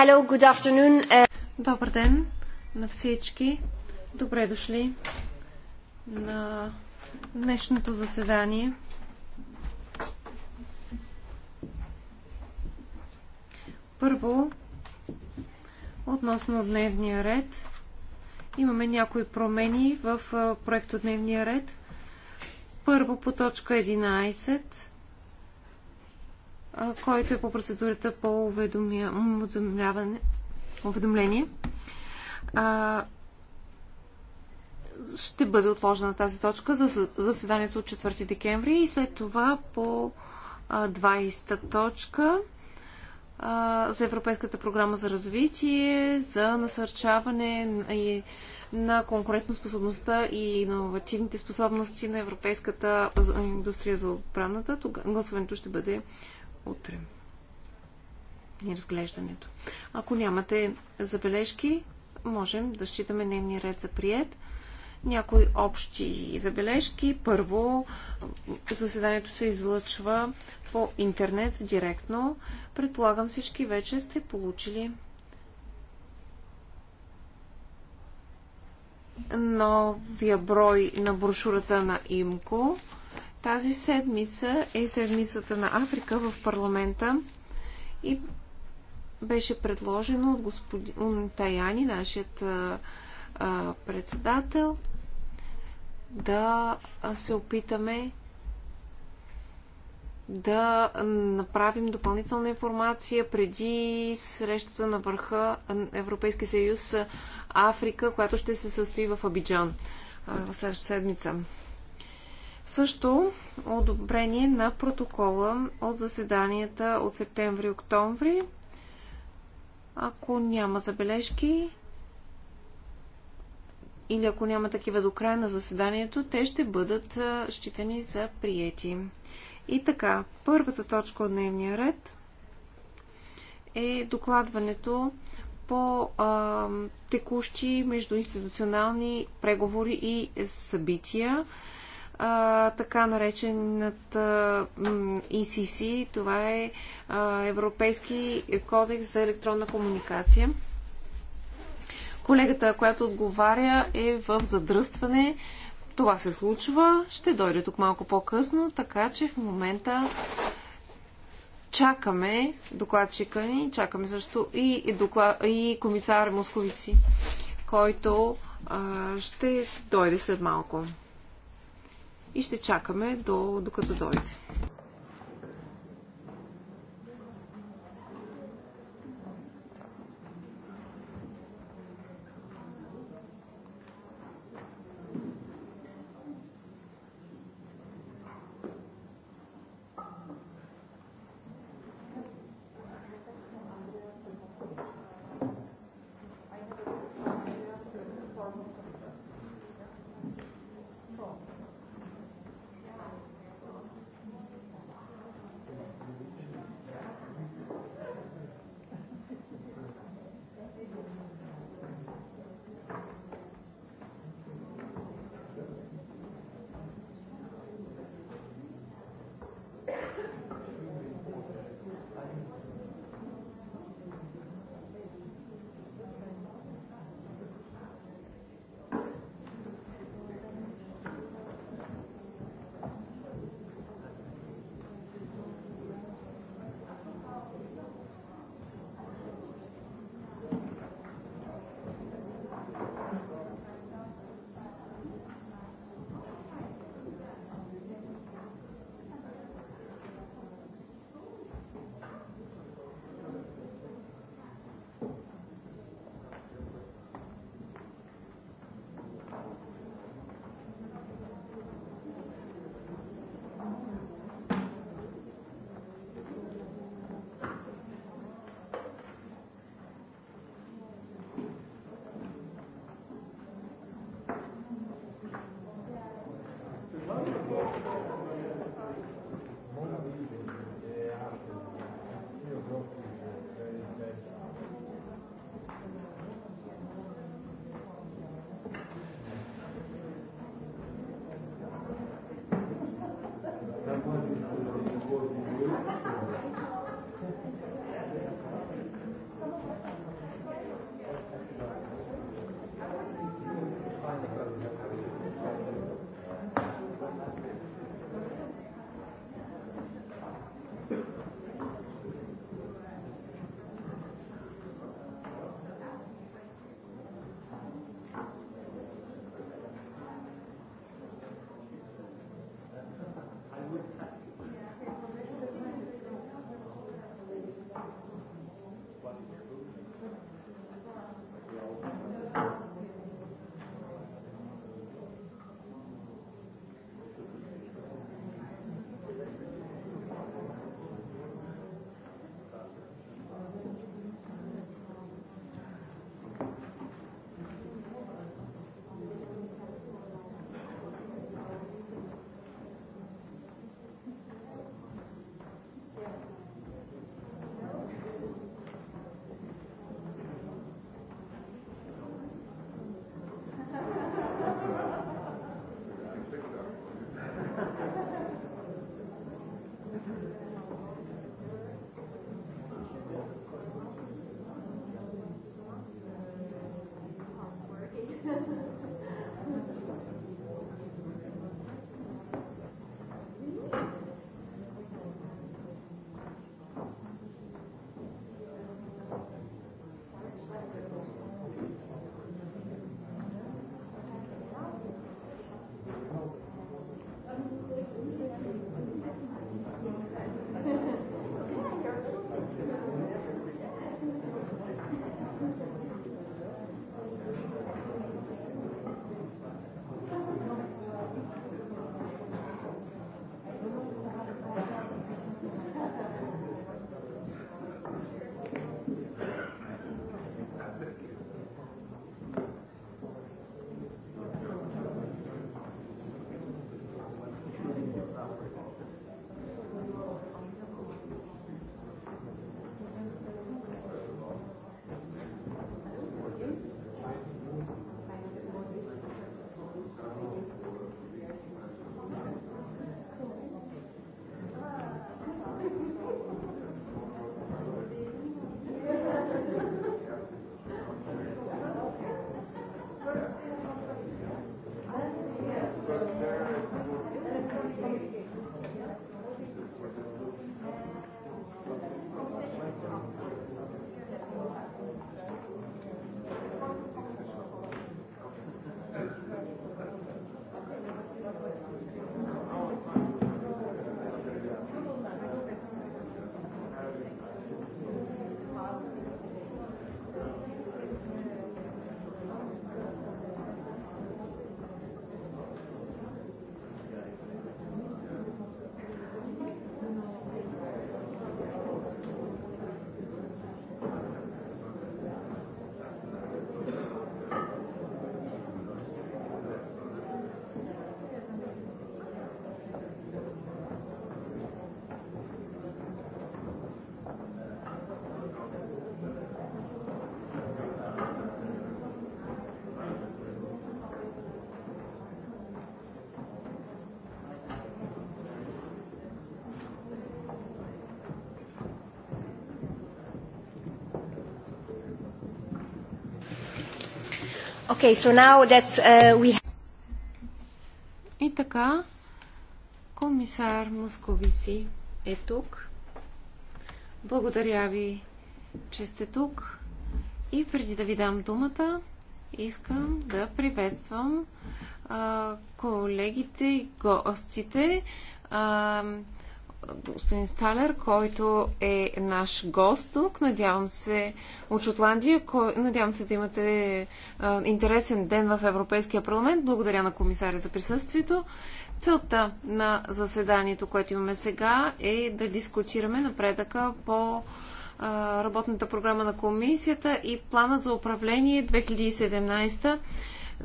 Hello, good afternoon. Uh, Добър ден на всички. Добре дошли на днешното заседание. Първо, относно дневния ред, имаме някои промени в проекто дневния ред. Първо по точка 11 който е по процедурата по уведомяване, уведомление, ще бъде отложена тази точка за заседанието от 4 декември и след това по 20-та точка за Европейската програма за развитие, за насърчаване и на конкурентоспособността и иновативните способности на европейската индустрия за отбраната. Гласуването ще бъде утре. И разглеждането. Ако нямате забележки, можем да считаме дневния ред за прият. Някои общи забележки. Първо, заседанието се излъчва по интернет директно. Предполагам всички вече сте получили новия брой на брошурата на ИМКО. Тази седмица е седмицата на Африка в парламента и беше предложено от господин Таяни, нашият председател, да се опитаме да направим допълнителна информация преди срещата на върха Европейски съюз Африка, която ще се състои в Абиджан в следващата седмица. Също одобрение на протокола от заседанията от септември октомври. Ако няма забележки или ако няма такива до края на заседанието, те ще бъдат считани за приети. И така, първата точка от дневния ред е докладването по а, текущи междуинституционални преговори и събития а, така наречената ECC. Това е а, Европейски кодекс за електронна комуникация. Колегата, която отговаря, е в задръстване. Това се случва. Ще дойде тук малко по-късно, така че в момента чакаме докладчика ни, чакаме също и, и, доклад, и комисар Московици, който а, ще дойде след малко и ще чакаме до, докато дойде. Okay, so now that uh, we... И така, комисар Московици е тук. Благодаря ви, че сте тук. И преди да ви дам думата, искам да приветствам uh, колегите и гостите. Uh, господин Сталер, който е наш гост тук. Надявам се от Шотландия. Кой... Надявам се да имате а, интересен ден в Европейския парламент. Благодаря на комисаря за присъствието. Целта на заседанието, което имаме сега, е да дискутираме напредъка по а, работната програма на комисията и планът за управление 2017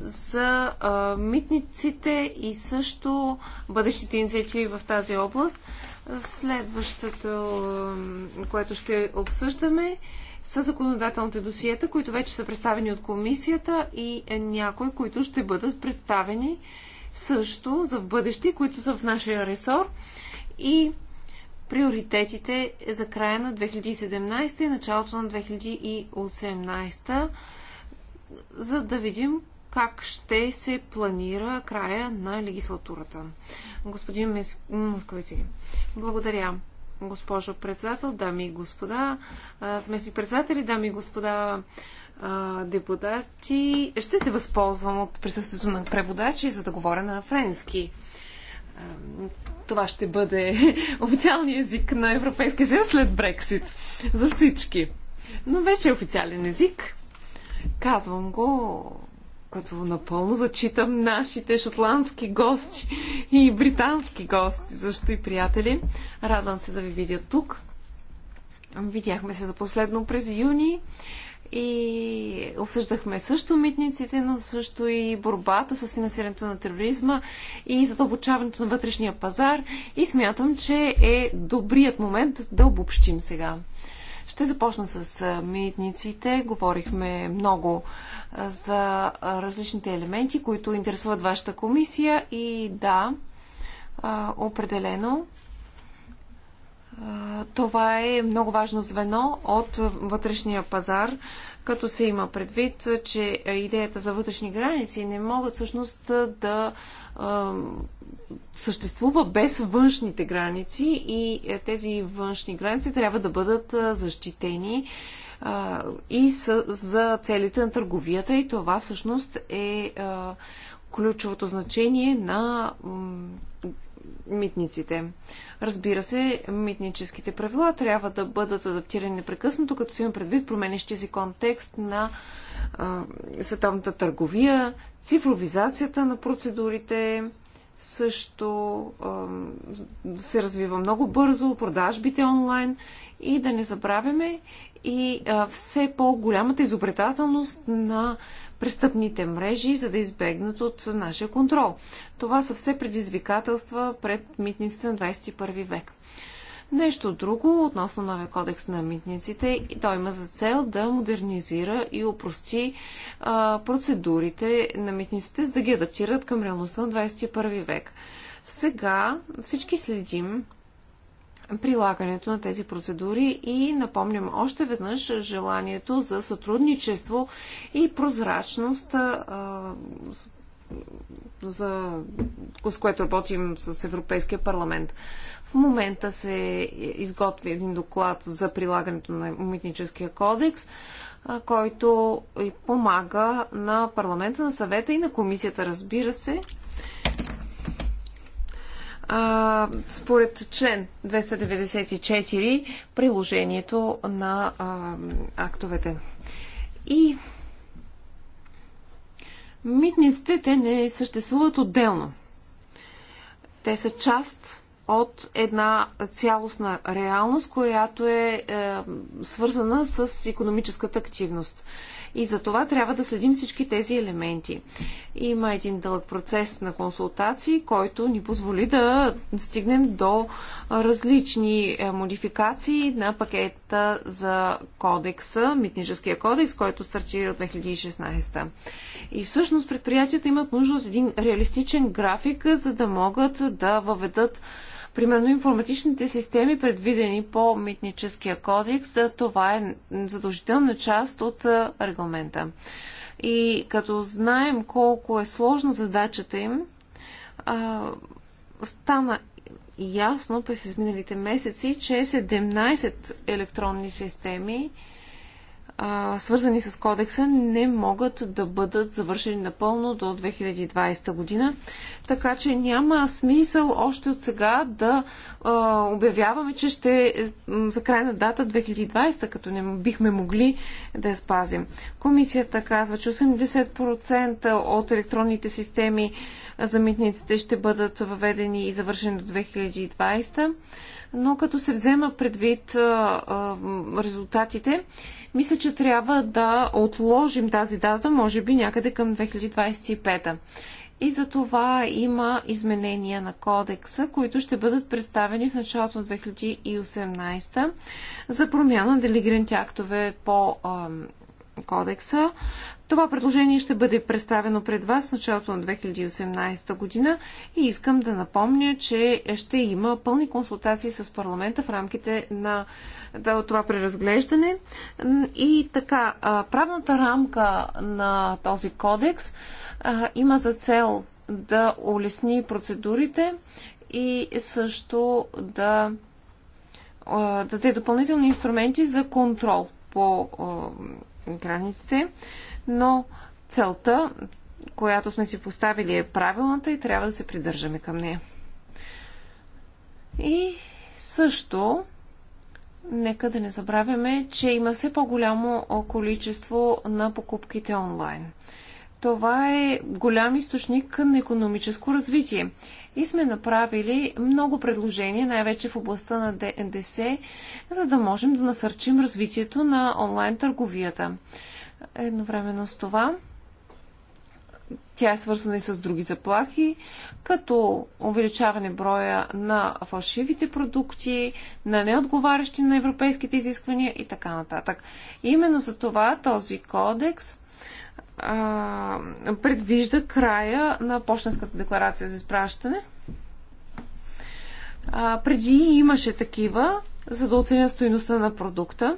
за а, митниците и също бъдещите инициативи в тази област. Следващото, което ще обсъждаме, са законодателните досиета, които вече са представени от комисията и някои, които ще бъдат представени също за в бъдеще, които са в нашия ресор и приоритетите за края на 2017 и началото на 2018, за да видим как ще се планира края на легислатурата. Господин Московици, благодаря. Госпожо председател, дами и господа, смесни председатели, дами и господа депутати, ще се възползвам от присъствието на преводачи, за да говоря на френски това ще бъде официалният език на Европейския съюз след Брексит за всички. Но вече е официален език. Казвам го като напълно зачитам нашите шотландски гости и британски гости, също и приятели. Радвам се да ви видя тук. Видяхме се за последно през юни и обсъждахме също митниците, но също и борбата с финансирането на тероризма и задълбочаването на вътрешния пазар и смятам, че е добрият момент да обобщим сега. Ще започна с митниците. Говорихме много за различните елементи, които интересуват вашата комисия и да, определено това е много важно звено от вътрешния пазар, като се има предвид, че идеята за вътрешни граници не могат всъщност да съществува без външните граници и тези външни граници трябва да бъдат защитени и с, за целите на търговията и това всъщност е ключовото значение на митниците. Разбира се, митническите правила трябва да бъдат адаптирани непрекъснато, като си има предвид променещи си контекст на а, световната търговия, цифровизацията на процедурите, също а, се развива много бързо, продажбите онлайн и да не забравяме и а, все по-голямата изобретателност на престъпните мрежи, за да избегнат от нашия контрол. Това са все предизвикателства пред митниците на 21 век. Нещо друго относно новия кодекс на митниците, той има за цел да модернизира и опрости а, процедурите на митниците, за да ги адаптират към реалността на 21 век. Сега всички следим прилагането на тези процедури и напомням още веднъж желанието за сътрудничество и прозрачност за, с което работим с Европейския парламент. В момента се изготви един доклад за прилагането на митническия кодекс, който помага на парламента, на съвета и на комисията, разбира се, а, според член 294 приложението на а, актовете. И митниците те не съществуват отделно. Те са част от една цялостна реалност, която е, е свързана с економическата активност. И за това трябва да следим всички тези елементи. Има един дълъг процес на консултации, който ни позволи да стигнем до различни е, модификации на пакета за кодекса, митническия кодекс, който стартира от 2016. И всъщност предприятията имат нужда от един реалистичен график, за да могат да въведат Примерно информатичните системи, предвидени по митническия кодекс, това е задължителна част от регламента. И като знаем колко е сложна задачата им, стана ясно през изминалите месеци, че 17 електронни системи а, свързани с кодекса, не могат да бъдат завършени напълно до 2020 година. Така че няма смисъл още от сега да а, обявяваме, че ще за крайна дата 2020, като не бихме могли да я спазим. Комисията казва, че 80% от електронните системи за митниците ще бъдат въведени и завършени до 2020 но като се взема предвид резултатите, мисля, че трябва да отложим тази дата, може би някъде към 2025. И за това има изменения на кодекса, които ще бъдат представени в началото на 2018 за промяна на делегираните актове по кодекса. Това предложение ще бъде представено пред вас в началото на 2018 година и искам да напомня, че ще има пълни консултации с парламента в рамките на да, това преразглеждане. И така, правната рамка на този кодекс има за цел да улесни процедурите и също да даде допълнителни инструменти за контрол по границите но целта, която сме си поставили е правилната и трябва да се придържаме към нея. И също, нека да не забравяме, че има все по-голямо количество на покупките онлайн. Това е голям източник на економическо развитие. И сме направили много предложения, най-вече в областта на ДНДС, за да можем да насърчим развитието на онлайн търговията. Едновременно с това тя е свързана и с други заплахи, като увеличаване броя на фалшивите продукти, на неотговарящи на европейските изисквания и така нататък. Именно за това този кодекс а, предвижда края на почтенската декларация за изпращане. А, преди имаше такива, за да оценят стоиността на продукта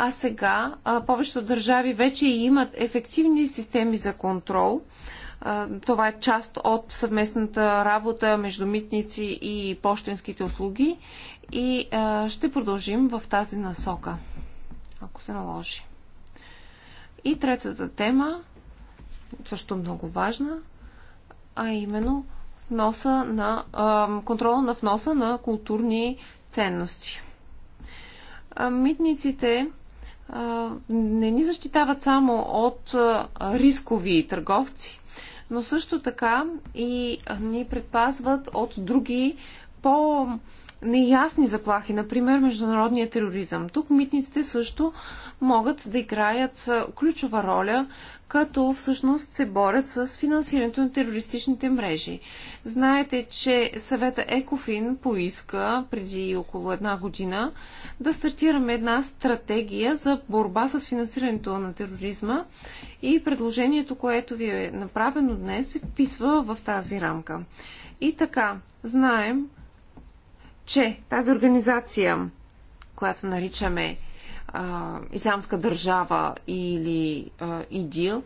а сега а, повечето държави вече имат ефективни системи за контрол. това е част от съвместната работа между митници и почтенските услуги и а, ще продължим в тази насока, ако се наложи. И третата тема, също много важна, а именно вноса на, а, контрола на вноса на културни ценности. А, митниците не ни защитават само от рискови търговци, но също така и ни предпазват от други по- неясни заплахи, например международния тероризъм. Тук митниците също могат да играят ключова роля като всъщност се борят с финансирането на терористичните мрежи. Знаете, че съвета Екофин поиска преди около една година да стартираме една стратегия за борба с финансирането на тероризма и предложението, което ви е направено днес, се вписва в тази рамка. И така, знаем, че тази организация, която наричаме а, Исламска държава или а, ИДИЛ,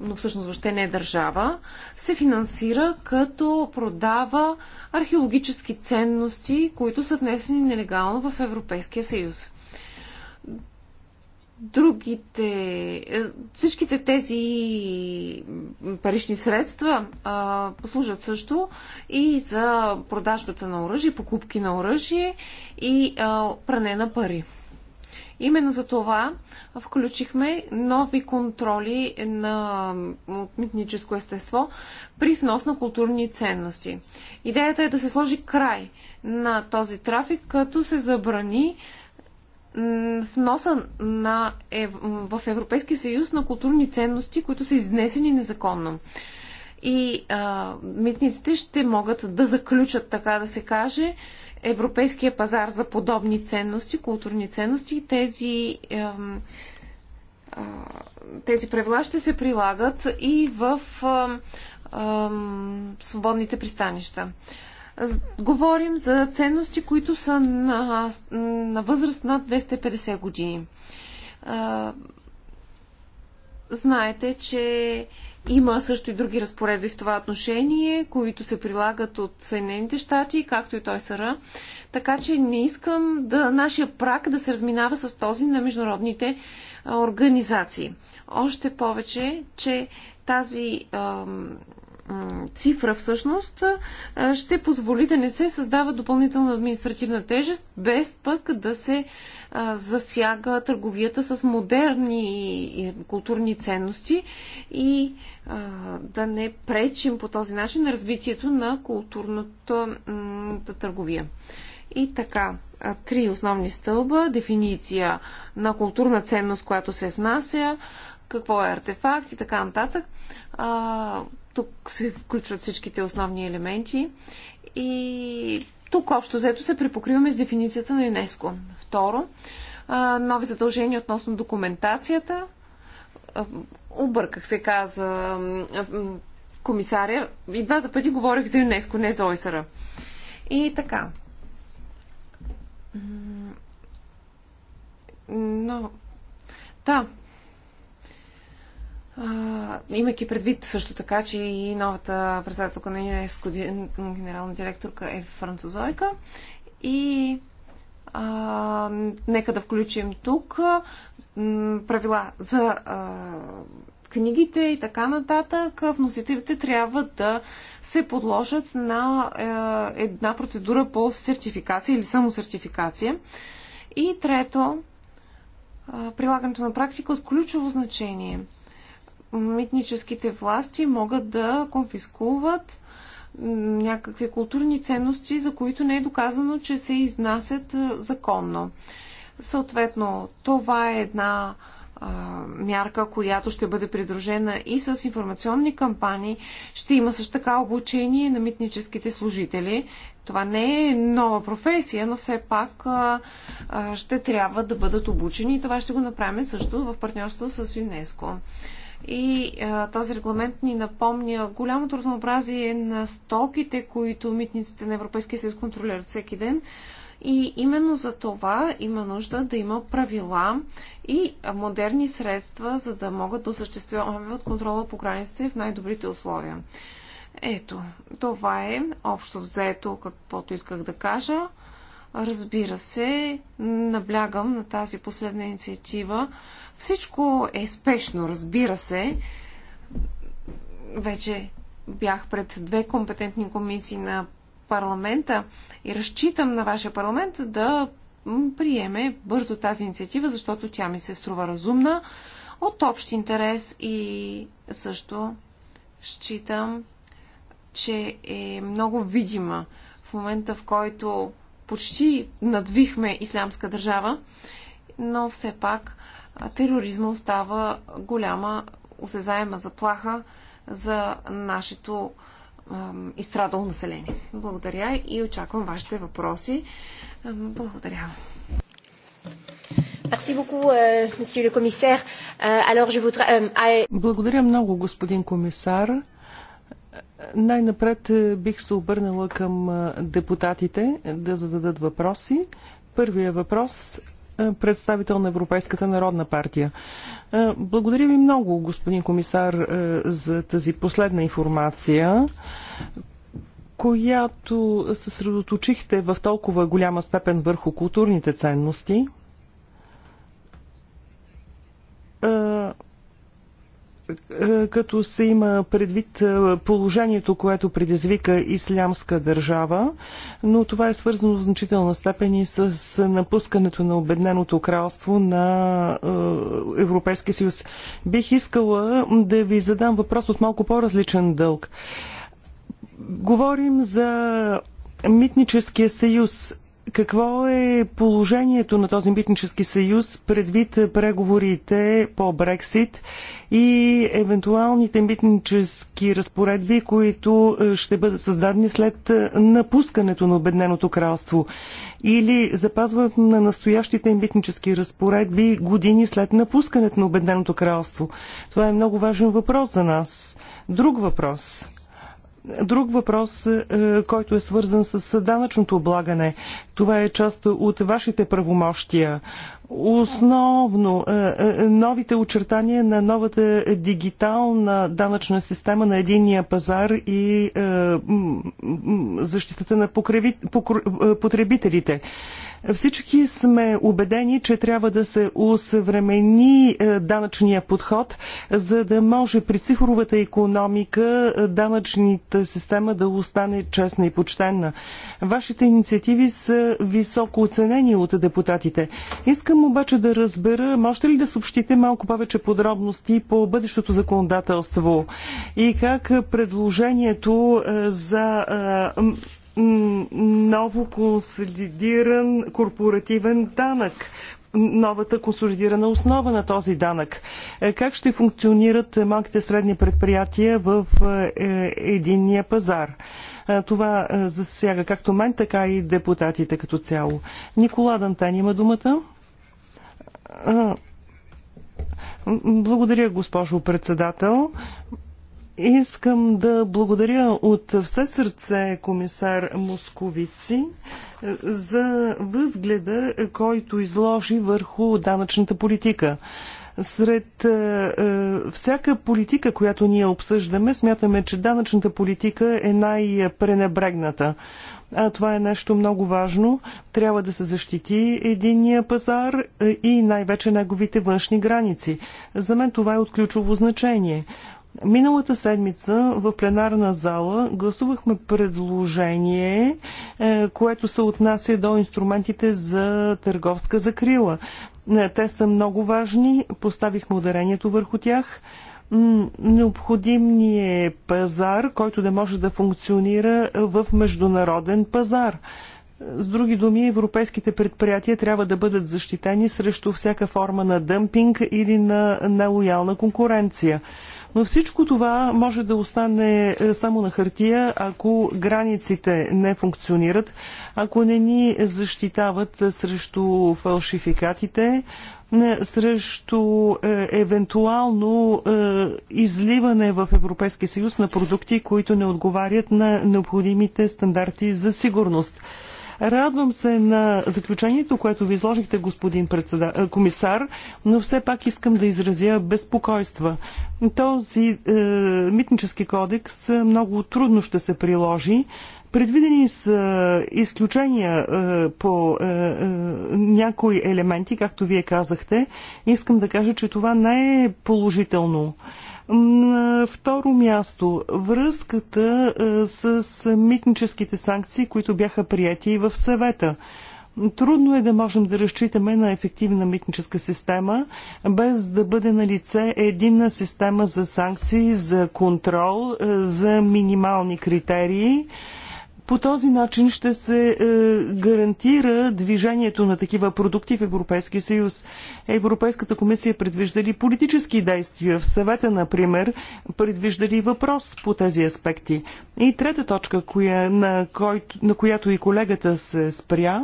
но всъщност въобще не е държава, се финансира като продава археологически ценности, които са внесени нелегално в Европейския съюз. Другите, е, всичките тези парични средства а, послужат също и за продажбата на оръжие, покупки на оръжие и а, пране на пари. Именно за това включихме нови контроли на митническо естество при внос на културни ценности. Идеята е да се сложи край на този трафик, като се забрани вноса на, ев... в Европейския съюз на културни ценности, които са изнесени незаконно. И а, митниците ще могат да заключат, така да се каже, европейския пазар за подобни ценности, културни ценности. Тези, тези правила ще се прилагат и в свободните пристанища. Говорим за ценности, които са на, на възраст над 250 години. знаете, че има също и други разпоредби в това отношение, които се прилагат от Съединените щати, както и той сара. Така че не искам да, нашия прак да се разминава с този на международните организации. Още повече, че тази цифра всъщност ще позволи да не се създава допълнителна административна тежест, без пък да се засяга търговията с модерни културни ценности и да не пречим по този начин на развитието на културната търговия. И така, три основни стълба. Дефиниция на културна ценност, която се внася, какво е артефакт и така нататък. А, тук се включват всичките основни елементи. И тук общо взето се препокриваме с дефиницията на ЮНЕСКО. Второ, нови задължения относно документацията, Обърках се, каза комисаря. И двата пъти говорих за ЮНЕСКО, не за ОСР. И така. Но. Да. А, имайки предвид също така, че и новата председателка на ЮНЕСКО, генерална директорка е французойка. И а, нека да включим тук правила за а, книгите и така нататък. Вносителите трябва да се подложат на а, е, една процедура по сертификация или самосертификация. И трето, прилагането на практика от ключово значение. Митническите власти могат да конфискуват някакви културни ценности, за които не е доказано, че се изнасят законно. Съответно, това е една мярка, която ще бъде придружена и с информационни кампании. Ще има също така обучение на митническите служители. Това не е нова професия, но все пак ще трябва да бъдат обучени и това ще го направим също в партньорство с ЮНЕСКО. И а, този регламент ни напомня голямото разнообразие на стоките, които митниците на Европейския съюз контролират всеки ден. И именно за това има нужда да има правила и модерни средства, за да могат да от контрола по границите в най-добрите условия. Ето, това е общо взето каквото исках да кажа. Разбира се, наблягам на тази последна инициатива, всичко е спешно, разбира се. Вече бях пред две компетентни комисии на парламента и разчитам на вашия парламент да приеме бързо тази инициатива, защото тя ми се струва разумна, от общ интерес и също считам, че е много видима в момента, в който почти надвихме ислямска държава, но все пак тероризма остава голяма осезаема заплаха за нашето изстрадало население. Благодаря и очаквам вашите въпроси. Благодаря. Euh, euh, euh, благодаря много, господин комисар. Най-напред е, бих се обърнала към е, депутатите да зададат въпроси. Първият въпрос е, представител на Европейската народна партия. Е, благодаря ви много, господин комисар, е, за тази последна информация, която съсредоточихте в толкова голяма степен върху културните ценности е, като се има предвид е, положението, което предизвика ислямска държава, но това е свързано в значителна степен и с напускането на обедненото кралство на е, Европейския съюз. Бих искала да ви задам въпрос от малко по-различен дълг. Говорим за митническия съюз какво е положението на този митнически съюз предвид преговорите по Брексит и евентуалните митнически разпоредби, които е, ще бъдат създадени след е, напускането на Обедненото кралство или запазването на настоящите митнически разпоредби години след напускането на Обедненото кралство? Това е много важен въпрос за нас. Друг въпрос. Друг въпрос, е, който е свързан с данъчното облагане. Това е част от вашите правомощия. Основно е, е, новите очертания на новата дигитална данъчна система на единия пазар и защитата на потребителите. Всички сме убедени, че трябва да се усъвремени е, данъчния подход, за да може при цифровата економика е, данъчната система да остане честна и почтенна. Вашите инициативи са високо оценени от депутатите. Искам обаче да разбера, можете ли да съобщите малко повече подробности по бъдещото законодателство и как предложението е, за ново консолидиран корпоративен данък новата консолидирана основа на този данък. Е, как ще функционират малките средни предприятия в е, е, единния пазар? Това засяга както мен, така и депутатите като цяло. Никола Дантен има думата. Благодаря, госпожо председател. Искам да благодаря от все сърце комисар Московици е, за възгледа, който изложи върху данъчната политика. Сред е, е, всяка политика, която ние обсъждаме, смятаме, че данъчната политика е най-пренебрегната. А това е нещо много важно. Трябва да се защити единния пазар е, и най-вече неговите външни граници. За мен това е от ключово значение. Миналата седмица в пленарна зала гласувахме предложение, е, което се отнася до инструментите за търговска закрила. Е, те са много важни, поставихме ударението върху тях. Необходим ни е пазар, който да може да функционира в международен пазар. С други думи, европейските предприятия трябва да бъдат защитени срещу всяка форма на дъмпинг или на нелоялна конкуренция. Но всичко това може да остане е, само на хартия, ако границите не функционират, ако не ни защитават е, срещу фалшификатите, е, срещу е, евентуално е, изливане в Европейския съюз на продукти, които не отговарят на необходимите стандарти за сигурност. Радвам се на заключението, което ви изложихте, господин председа... Е, комисар, но все пак искам да изразя безпокойства. Този е, митнически кодекс много трудно ще се приложи. Предвидени са изключения е, по е, някои елементи, както вие казахте. Искам да кажа, че това не е положително. На второ място, връзката е, с митническите санкции, които бяха прияти и в съвета. Трудно е да можем да разчитаме на ефективна митническа система, без да бъде на лице единна система за санкции, за контрол, е, за минимални критерии. По този начин ще се е, гарантира движението на такива продукти в Европейския съюз. Европейската комисия е предвижда ли политически действия в съвета, например, предвижда ли въпрос по тези аспекти? И трета точка, коя, на, кой, на която и колегата се спря,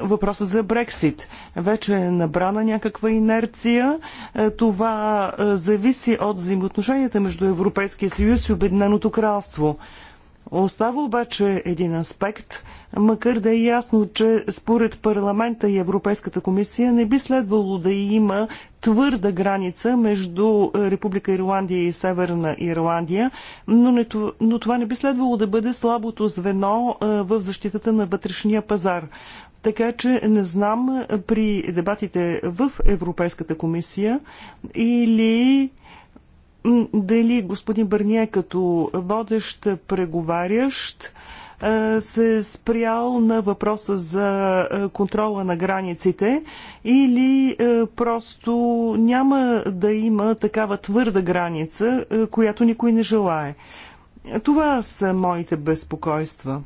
въпроса за Брексит. Вече е набрана някаква инерция. Е, това зависи от взаимоотношенията между Европейския съюз и Обединеното кралство. Остава обаче един аспект, макар да е ясно, че според парламента и Европейската комисия не би следвало да има твърда граница между Република Ирландия и Северна Ирландия, но, не, но това не би следвало да бъде слабото звено в защитата на вътрешния пазар. Така че не знам при дебатите в Европейската комисия или дали господин Бърния като водещ преговарящ е, се е спрял на въпроса за е, контрола на границите или е, просто няма да има такава твърда граница, която никой не желае. Това са моите безпокойства.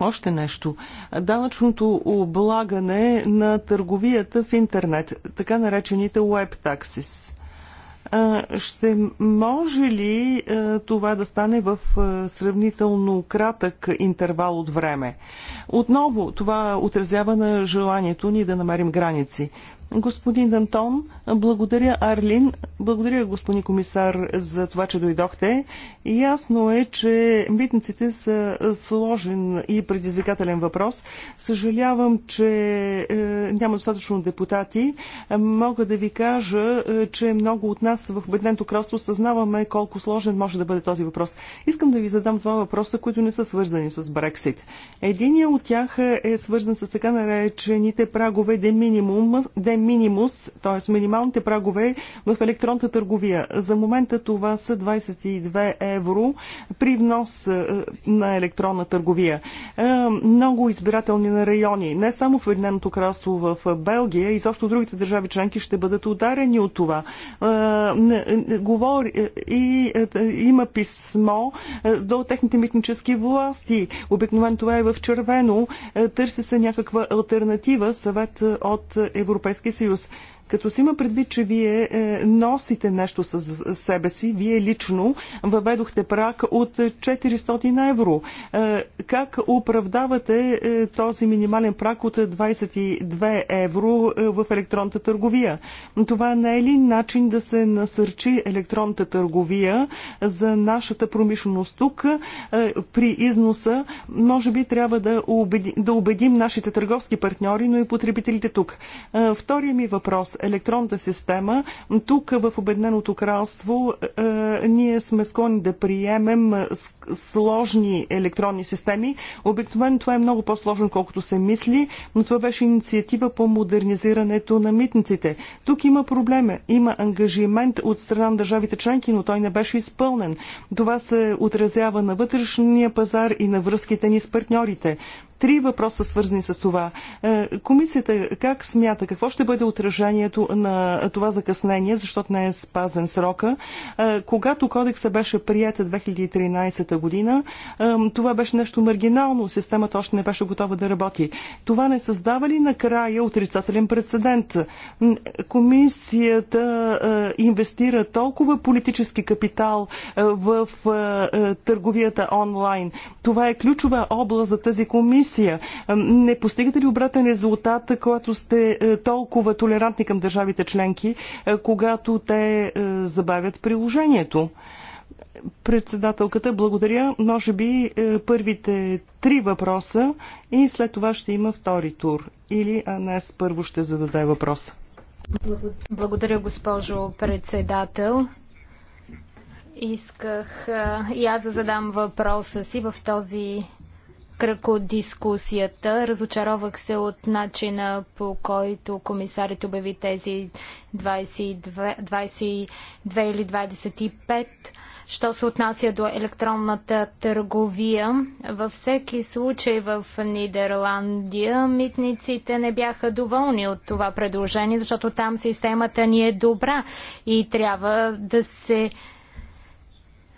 Още нещо. Данъчното облагане на търговията в интернет, така наречените web таксис. Ще може ли това да стане в сравнително кратък интервал от време? Отново, това отразява на желанието ни да намерим граници. Господин Дантон, благодаря Арлин, благодаря господин комисар за това, че дойдохте. Ясно е, че митниците са сложен и предизвикателен въпрос. Съжалявам, че е, няма достатъчно депутати. Мога да ви кажа, е, че много от нас в Бедненто кралство съзнаваме колко сложен може да бъде този въпрос. Искам да ви задам два въпроса, които не са свързани с Брексит. Единият от тях е свързан с така наречените прагове де минимум, де минимус, т.е. минималните прагове в електронната търговия. За момента това са 22 евро при внос е, на електронна търговия. Е, много избирателни на райони, не само в Едненото кралство в е, Белгия, и защо другите държави членки ще бъдат ударени от това. Говори и има писмо до техните митнически власти. Обикновено това е в червено. Търси се някаква альтернатива съвет от Европейски Европейски съюз. Като си има предвид, че вие е, носите нещо с себе си, вие лично въведохте прак от 400 евро. Е, как оправдавате е, този минимален прак от 22 евро в електронната търговия? Това не е ли начин да се насърчи електронната търговия за нашата промишленост тук при износа? Може би трябва да, да убедим нашите търговски партньори, но и потребителите тук. Втория ми въпрос електронната система. Тук в Обедненото кралство е, е, ние сме склонни да приемем е, сложни електронни системи. Обикновено това е много по-сложно, колкото се мисли, но това беше инициатива по модернизирането на митниците. Тук има проблеми. Има ангажимент от страна на държавите членки, но той не беше изпълнен. Това се отразява на вътрешния пазар и на връзките ни с партньорите. Три въпроса свързани с това. Е, комисията как смята, какво ще бъде отражението на това закъснение, защото не е спазен срока? Е, когато кодекса беше приятен 2013 година, е, това беше нещо маргинално. Системата още не беше готова да работи. Това не създава ли накрая отрицателен прецедент? Комисията инвестира толкова политически капитал в търговията онлайн. Това е ключова област за тази комисия Русия. Не постигате ли обратен резултат, когато сте е, толкова толерантни към държавите членки, е, когато те е, забавят приложението? Председателката, благодаря. Може би първите три въпроса и след това ще има втори тур. Или Анес първо ще зададе въпроса. Благодаря, госпожо председател. Исках и аз да задам въпроса си в този кръг от дискусията. Разочаровах се от начина по който комисарите обяви тези 22, 22 или 25. Що се отнася до електронната търговия, във всеки случай в Нидерландия митниците не бяха доволни от това предложение, защото там системата ни е добра и трябва да се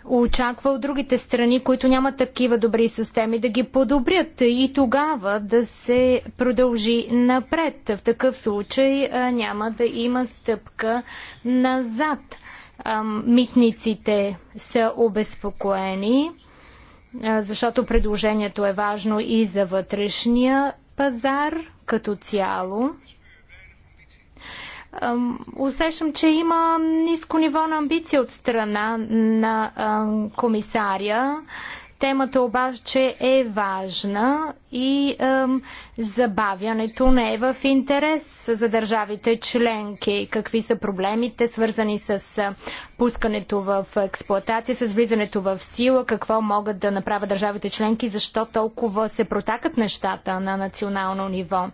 очаква от другите страни, които нямат такива добри системи, да ги подобрят и тогава да се продължи напред. В такъв случай а, няма да има стъпка назад. А, митниците са обезпокоени, а, защото предложението е важно и за вътрешния пазар като цяло. Усещам, че има ниско ниво на амбиция от страна на комисаря. Темата обаче е важна и ем, забавянето не е в интерес за държавите членки. Какви са проблемите, свързани с пускането в експлоатация, с влизането в сила, какво могат да направят държавите членки, защо толкова се протакат нещата на национално ниво.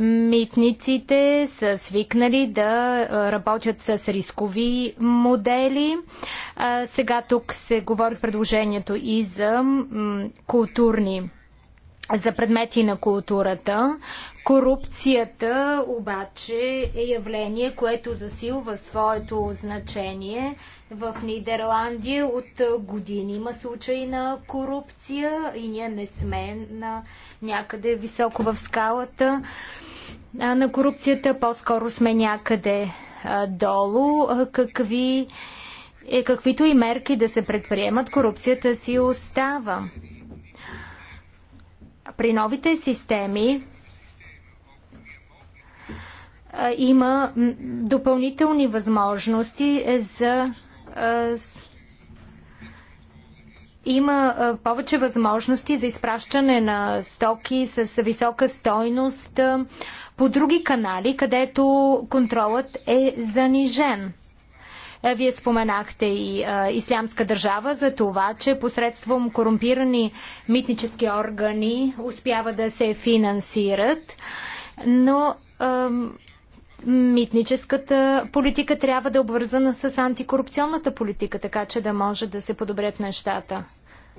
Митниците са свикнали да работят с рискови модели. Сега тук се говори в предложението и за културни за предмети на културата. Корупцията обаче е явление, което засилва своето значение. В Нидерландия от години има случаи на корупция и ние не сме на някъде високо в скалата на корупцията, по-скоро сме някъде а, долу. Какви, е, каквито и мерки да се предприемат, корупцията си остава. При новите системи има допълнителни възможности за има повече възможности за изпращане на стоки с висока стойност по други канали, където контролът е занижен. Е, вие споменахте и а, е, Ислямска държава за това, че посредством корумпирани митнически органи успява да се финансират, но а, митническата политика трябва да е обвързана с антикорупционната политика, така че да може да се подобрят нещата.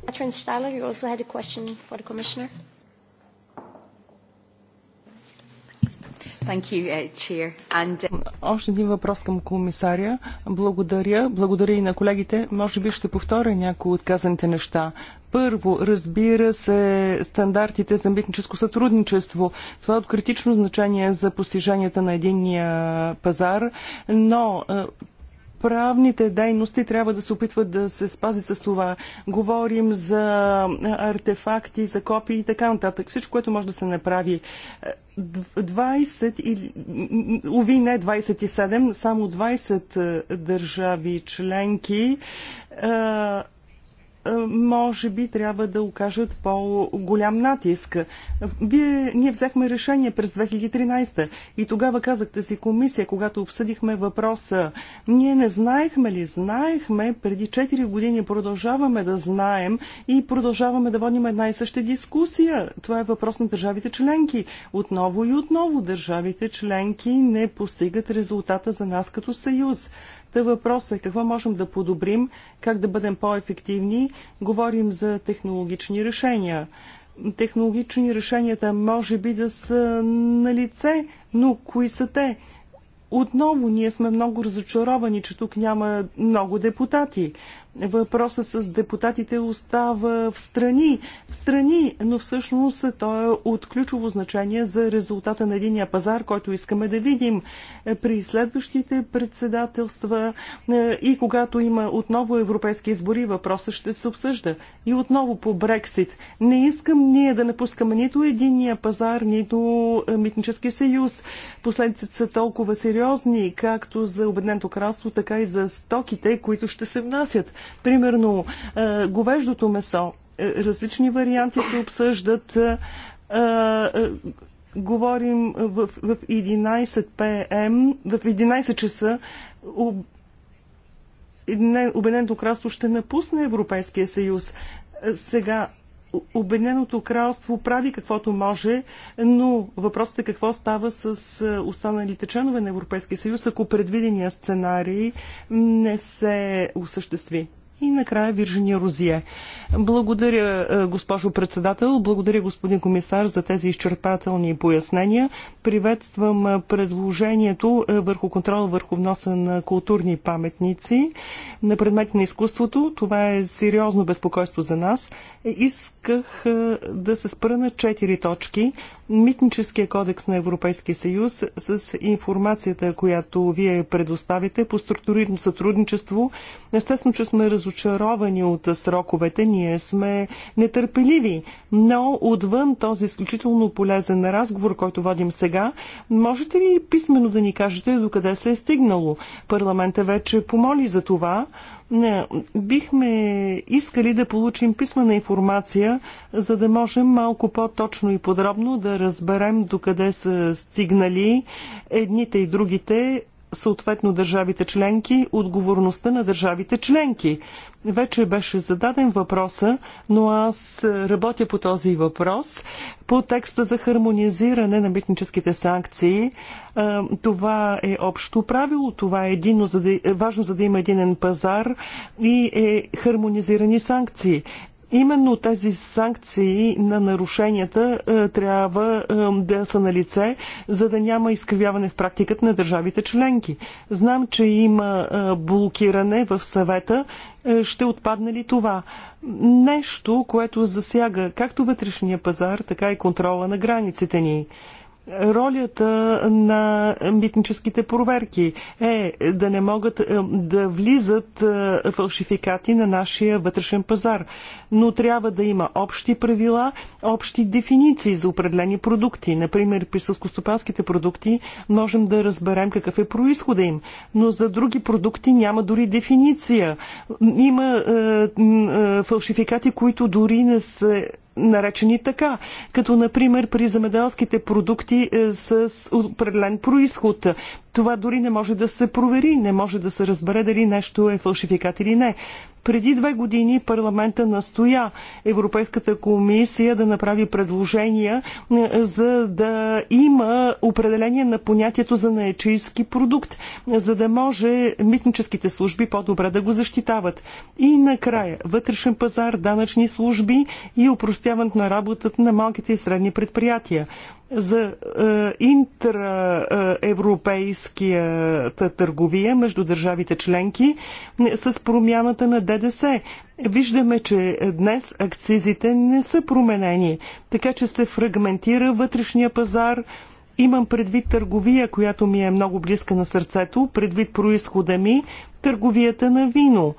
Catherine you also had a question for the Commissioner. Uh, uh, Още един въпрос към комисаря. Благодаря. Благодаря и на колегите. Може би ще повторя някои от казаните неща. Първо, разбира се, стандартите за митническо сътрудничество. Това е от критично значение за постиженията на единния пазар, но правните дейности трябва да се опитват да се спазят с това. Говорим за артефакти, за копии и така нататък. Всичко, което може да се направи. 20 или, уви не 27, само 20 държави членки е, може би трябва да окажат по-голям натиск. Вие, ние взехме решение през 2013 и тогава казахте си комисия, когато обсъдихме въпроса. Ние не знаехме ли? Знаехме, преди 4 години продължаваме да знаем и продължаваме да водим една и съща дискусия. Това е въпрос на държавите членки. Отново и отново държавите членки не постигат резултата за нас като съюз. Та въпросът е какво можем да подобрим, как да бъдем по-ефективни. Говорим за технологични решения. Технологични решенията може би да са на лице, но кои са те? Отново ние сме много разочаровани, че тук няма много депутати въпроса с депутатите остава в страни, в страни, но всъщност то е от ключово значение за резултата на единия пазар, който искаме да видим при следващите председателства е, и когато има отново европейски избори, въпросът ще се обсъжда. И отново по Брексит. Не искам ние да напускаме нито единия пазар, нито е, митнически съюз. Последиците са толкова сериозни, както за Обединеното кралство, така и за стоките, които ще се внасят. Примерно, е, говеждото месо. Е, различни варианти се обсъждат. Е, говорим в, 11 ПМ, в 11 часа Обединеното кралство ще напусне Европейския съюз. Сега Обединеното кралство прави каквото може, но въпросът е какво става с останалите членове на Европейския съюз, ако предвидения сценарий не се осъществи. И накрая Виржиния Розие. Благодаря, е, госпожо председател, благодаря, господин комисар, за тези изчерпателни пояснения. Приветствам е, предложението е, върху контрол върху вноса на културни паметници на предмет на изкуството. Това е сериозно безпокойство за нас исках е, да се спра на четири точки. Митническия кодекс на Европейския съюз с информацията, която вие предоставите по структурирано сътрудничество. Естествено, че сме разочаровани от сроковете, ние сме нетърпеливи, но отвън този изключително полезен разговор, който водим сега, можете ли писменно да ни кажете докъде се е стигнало? Парламента вече помоли за това. Не, бихме искали да получим писмена информация, за да можем малко по-точно и подробно да разберем докъде са стигнали едните и другите съответно държавите членки, отговорността на държавите членки. Вече беше зададен въпроса, но аз работя по този въпрос. По текста за хармонизиране на митническите санкции, е, това е общо правило, това е за да, важно за да има единен пазар и е хармонизирани санкции. Именно тези санкции на нарушенията е, трябва е, да са на лице, за да няма изкривяване в практиката на държавите членки. Знам, че има е, блокиране в съвета. Ще отпадне ли това? Нещо, което засяга както вътрешния пазар, така и контрола на границите ни ролята на митническите проверки е да не могат е, да влизат е, фалшификати на нашия вътрешен пазар. Но трябва да има общи правила, общи дефиниции за определени продукти. Например, при сълскостопанските продукти можем да разберем какъв е происхода им, но за други продукти няма дори дефиниция. Има е, е, фалшификати, които дори не се наречени така, като например при земеделските продукти е, с определен происход. Това дори не може да се провери, не може да се разбере дали нещо е фалшификат или не. Преди две години парламента настоя Европейската комисия да направи предложения за да има определение на понятието за наечийски продукт, за да може митническите служби по-добре да го защитават. И накрая, вътрешен пазар, данъчни служби и упростяването на работата на малките и средни предприятия за е, интраевропейската търговия между държавите членки с промяната на ДДС. Виждаме, че днес акцизите не са променени, така че се фрагментира вътрешния пазар. Имам предвид търговия, която ми е много близка на сърцето, предвид происхода ми, търговията на вино.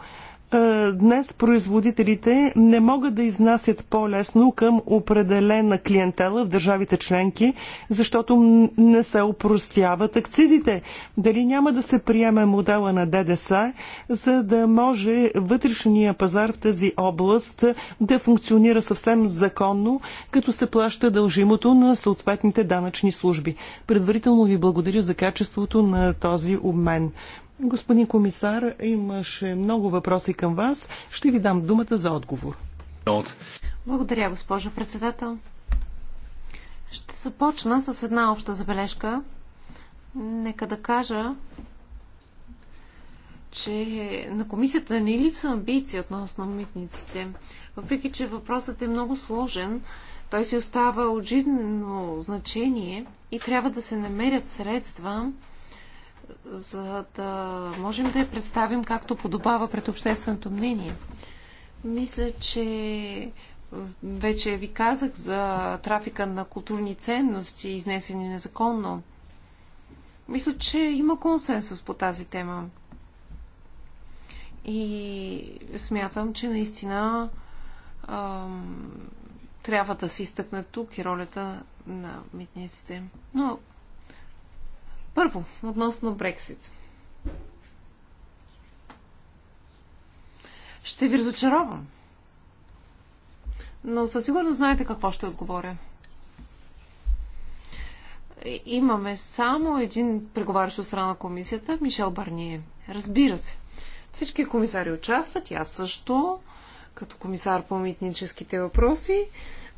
Е, днес производителите не могат да изнасят по-лесно към определена клиентела в държавите членки, защото не се опростяват акцизите. Дали няма да се приеме модела на ДДС, за да може вътрешния пазар в тази област да функционира съвсем законно, като се плаща дължимото на съответните данъчни служби. Предварително ви благодаря за качеството на този обмен. Господин комисар, имаше много въпроси към вас. Ще ви дам думата за отговор. Благодаря, госпожо председател. Ще започна с една обща забележка. Нека да кажа, че на комисията не липса амбиция относно митниците. Въпреки, че въпросът е много сложен, той си остава от жизнено значение и трябва да се намерят средства, за да можем да я представим както подобава пред общественото мнение. Мисля, че вече ви казах за трафика на културни ценности, изнесени незаконно. Мисля, че има консенсус по тази тема. И смятам, че наистина ам, трябва да се изтъкне тук и ролята на митниците. Но първо, относно Брексит. Ще ви разочаровам. Но със сигурност знаете какво ще отговоря. Имаме само един преговарящ от страна на комисията, Мишел Барние. Разбира се. Всички комисари участват, аз също, като комисар по митническите въпроси,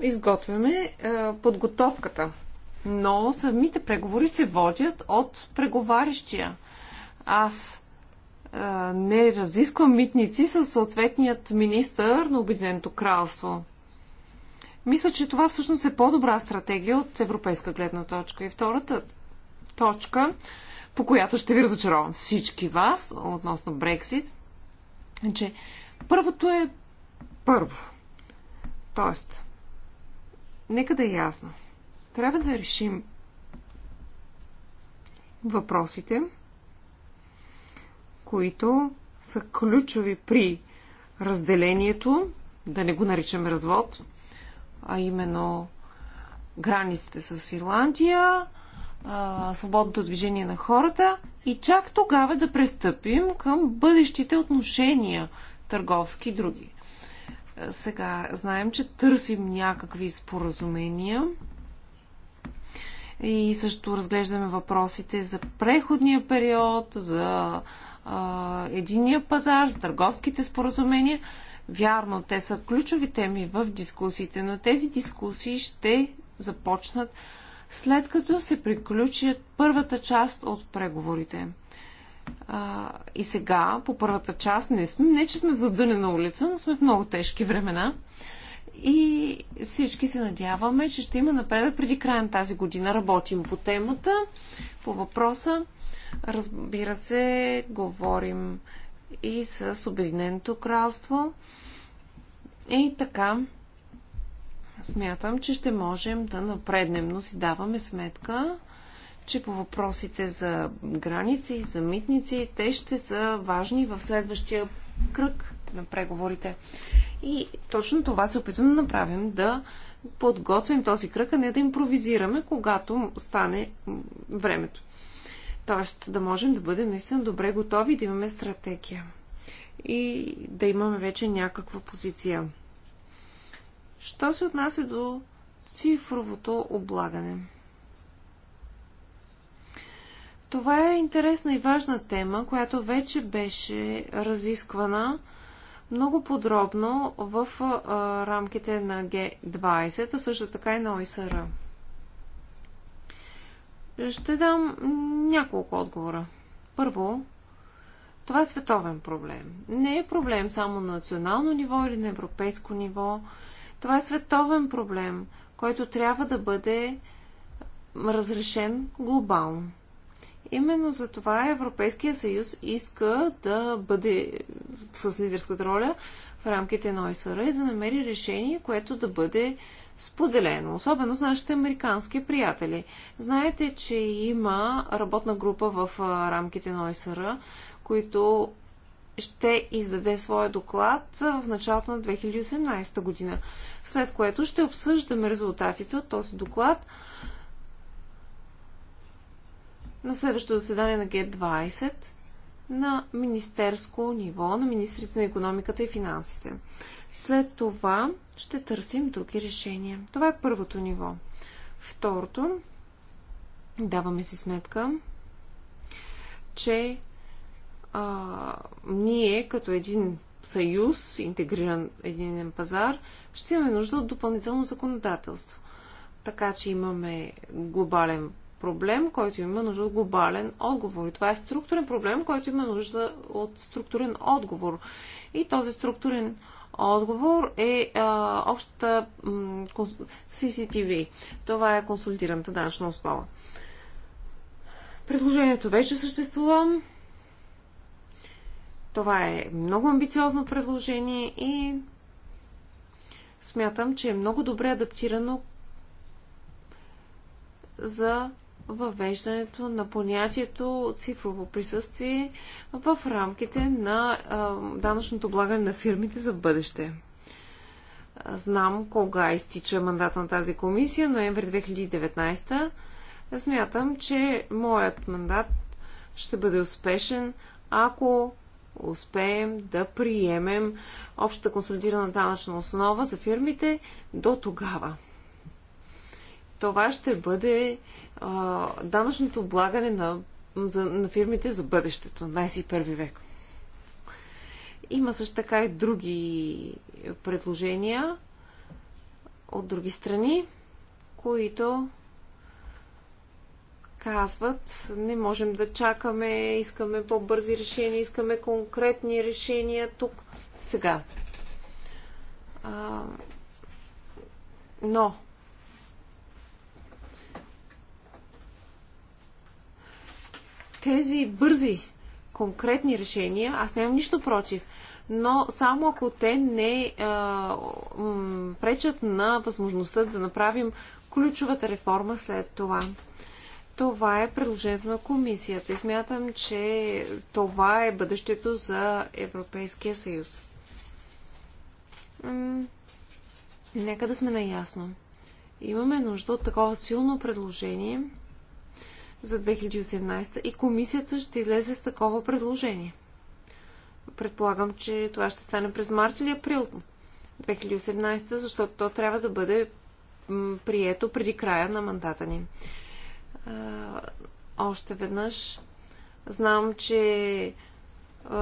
изготвяме е, подготовката но самите преговори се водят от преговарящия. Аз а, не разисквам митници с съответният министър на Обединеното кралство. Мисля, че това всъщност е по-добра стратегия от европейска гледна точка. И втората точка, по която ще ви разочаровам всички вас относно Брексит, е, че първото е първо. Тоест, нека да е ясно. Трябва да решим въпросите, които са ключови при разделението, да не го наричаме развод, а именно границите с Ирландия, свободното движение на хората и чак тогава да престъпим към бъдещите отношения, търговски и други. Сега знаем, че търсим някакви споразумения и също разглеждаме въпросите за преходния период, за а, единия пазар, за търговските споразумения. Вярно, те са ключови теми в дискусиите, но тези дискусии ще започнат след като се приключат първата част от преговорите. А, и сега, по първата част, не сме, не че сме в задънена улица, но сме в много тежки времена и всички се надяваме, че ще има напредък преди края на тази година. Работим по темата, по въпроса. Разбира се, говорим и с Обединеното кралство. И така, смятам, че ще можем да напреднем, но си даваме сметка, че по въпросите за граници, за митници, те ще са важни в следващия кръг на преговорите. И точно това се опитваме да направим, да подготвим този кръг, а не да импровизираме, когато стане времето. Тоест да можем да бъдем наистина добре готови, да имаме стратегия и да имаме вече някаква позиция. Що се отнася до цифровото облагане? Това е интересна и важна тема, която вече беше разисквана много подробно в а, рамките на Г20, а също така и на ОИСР. Ще дам няколко отговора. Първо, това е световен проблем. Не е проблем само на национално ниво или на европейско ниво. Това е световен проблем, който трябва да бъде разрешен глобално. Именно за това Европейския съюз иска да бъде с лидерската роля в рамките на ОСР и да намери решение, което да бъде споделено, особено с нашите американски приятели. Знаете, че има работна група в рамките на ОСР, които ще издаде своя доклад в началото на 2018 година, след което ще обсъждаме резултатите от този доклад на следващото заседание на Г20 на министерско ниво, на министрите на економиката и финансите. След това ще търсим други решения. Това е първото ниво. Второто, даваме си сметка, че а, ние като един съюз, интегриран единен пазар, ще имаме нужда от допълнително законодателство. Така че имаме глобален проблем, който има нужда от глобален отговор. И това е структурен проблем, който има нужда от структурен отговор. И този структурен отговор е а, общата м- CCTV. Това е консолидираната данъчна основа. Предложението вече съществува. Това е много амбициозно предложение и смятам, че е много добре адаптирано за въвеждането на понятието цифрово присъствие в рамките на данъчното облагане на фирмите за бъдеще. Знам кога изтича мандата на тази комисия, ноември 2019. Смятам, че моят мандат ще бъде успешен, ако успеем да приемем общата консолидирана данъчна основа за фирмите до тогава това ще бъде а, данъчното облагане на, за, на фирмите за бъдещето, 21 век. Има също така и други предложения от други страни, които казват, не можем да чакаме, искаме по-бързи решения, искаме конкретни решения тук, сега. А, но тези бързи, конкретни решения, аз нямам нищо против, но само ако те не а, м, пречат на възможността да направим ключовата реформа след това. Това е предложението на комисията и смятам, че това е бъдещето за Европейския съюз. М- нека да сме наясно. Имаме нужда от такова силно предложение – за 2018 и комисията ще излезе с такова предложение. Предполагам, че това ще стане през март или април 2018, защото то трябва да бъде прието преди края на мандата ни. Още веднъж знам, че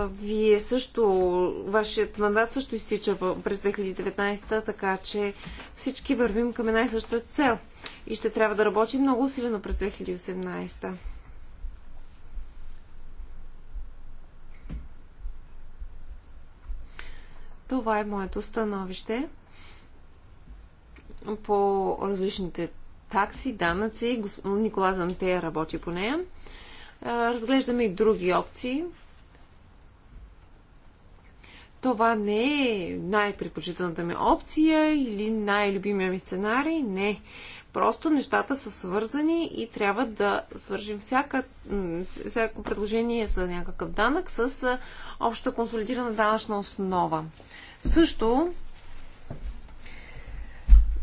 вие също, вашият мандат също изтича през 2019, така че всички вървим към една и съща цел. И ще трябва да работим много усилено през 2018. Това е моето становище по различните такси, данъци. Никола Дантея работи по нея. Разглеждаме и други опции това не е най-предпочитаната ми опция или най-любимия ми сценарий. Не. Просто нещата са свързани и трябва да свържим всяка, всяко предложение за някакъв данък с обща консолидирана данъчна основа. Също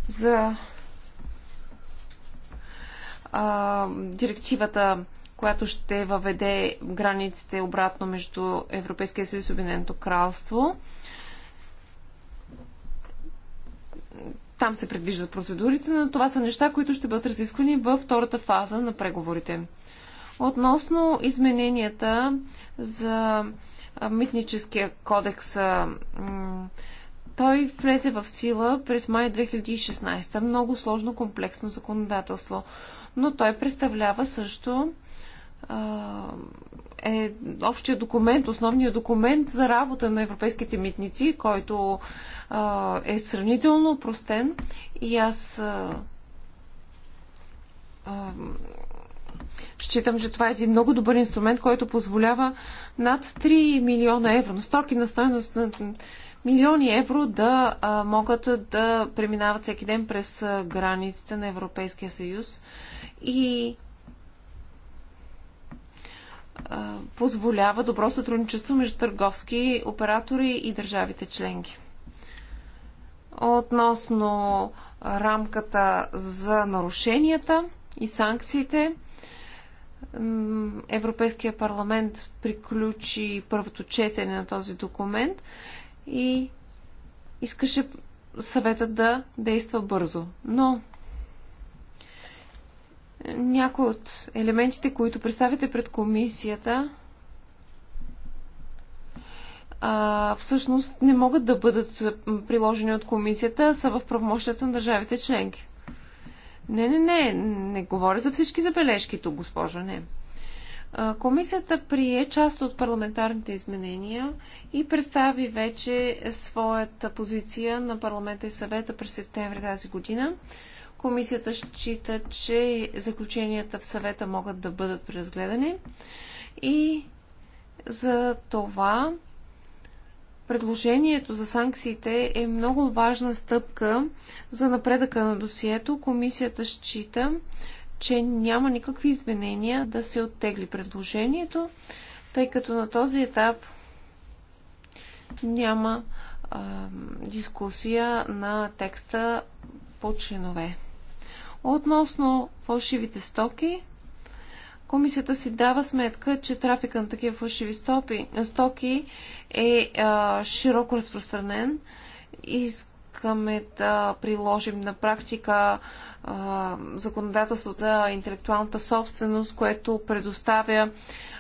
за а, директивата която ще въведе границите обратно между Европейския съюз и Обединеното кралство. Там се предвиждат процедурите, но това са неща, които ще бъдат разисквани във втората фаза на преговорите. Относно измененията за митническия кодекс, той влезе в сила през май 2016. Много сложно комплексно законодателство. Но той представлява също е общия документ, основният документ за работа на европейските митници, който е сравнително простен. и аз считам, че това е един много добър инструмент, който позволява над 3 милиона евро, на стоки на стоеност на милиони евро да могат да преминават всеки ден през границите на Европейския съюз и позволява добро сътрудничество между търговски оператори и държавите членки. Относно рамката за нарушенията и санкциите, Европейския парламент приключи първото четене на този документ и искаше съвета да действа бързо. Но някои от елементите, които представите пред комисията, а, всъщност не могат да бъдат приложени от комисията, са в правомощията на държавите членки. Не, не, не, не говоря за всички забележки тук, госпожо, не. Комисията прие част от парламентарните изменения и представи вече своята позиция на парламента и съвета през септември тази година. Комисията счита, че заключенията в съвета могат да бъдат преразгледани и за това предложението за санкциите е много важна стъпка за напредъка на досието. Комисията счита, че няма никакви изменения да се оттегли предложението, тъй като на този етап няма а, дискусия на текста по членове. Относно фалшивите стоки, комисията си дава сметка, че трафика на такива фалшиви стопи, стоки е а, широко разпространен. Искаме да приложим на практика а, законодателството за интелектуалната собственост, което предоставя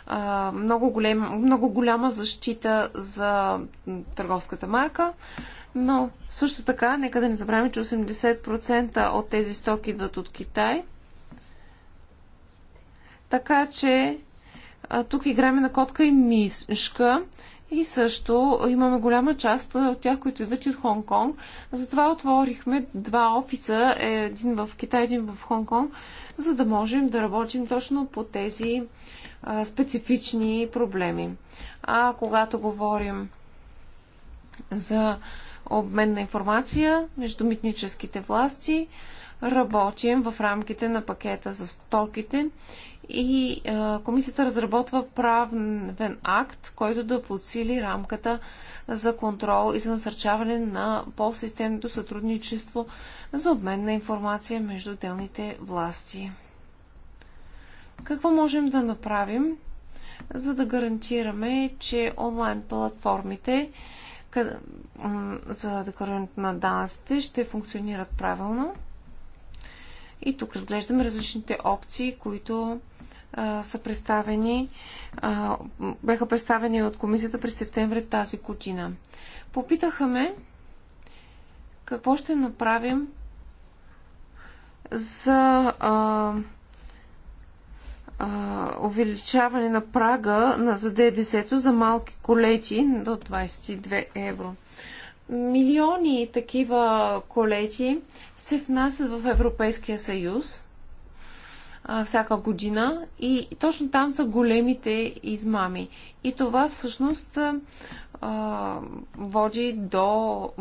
а, много, голем, много голяма защита за търговската марка. Но също така, нека да не забравяме, че 80% от тези стоки идват от Китай. Така че а, тук играме на котка и мишка. И също имаме голяма част от тях, които идват от Хонг-Конг. Затова отворихме два офиса, е, един в Китай, един в Хонг-Конг, за да можем да работим точно по тези а, специфични проблеми. А когато говорим за обмен на информация между митническите власти. Работим в рамките на пакета за стоките и а, комисията разработва правен акт, който да подсили рамката за контрол и за насърчаване на по-системното сътрудничество за обмен на информация между отделните власти. Какво можем да направим, за да гарантираме, че онлайн платформите за декларирането на данъците ще функционират правилно. И тук разглеждаме различните опции, които а, са представени, а, бяха представени от комисията през септември тази година. Попитаха ме какво ще направим за а, а, увеличаване на прага на, за ДДС за малки колети до 22 евро. Милиони такива колети се внасят в Европейския съюз а, всяка година и точно там са големите измами. И това всъщност а, води до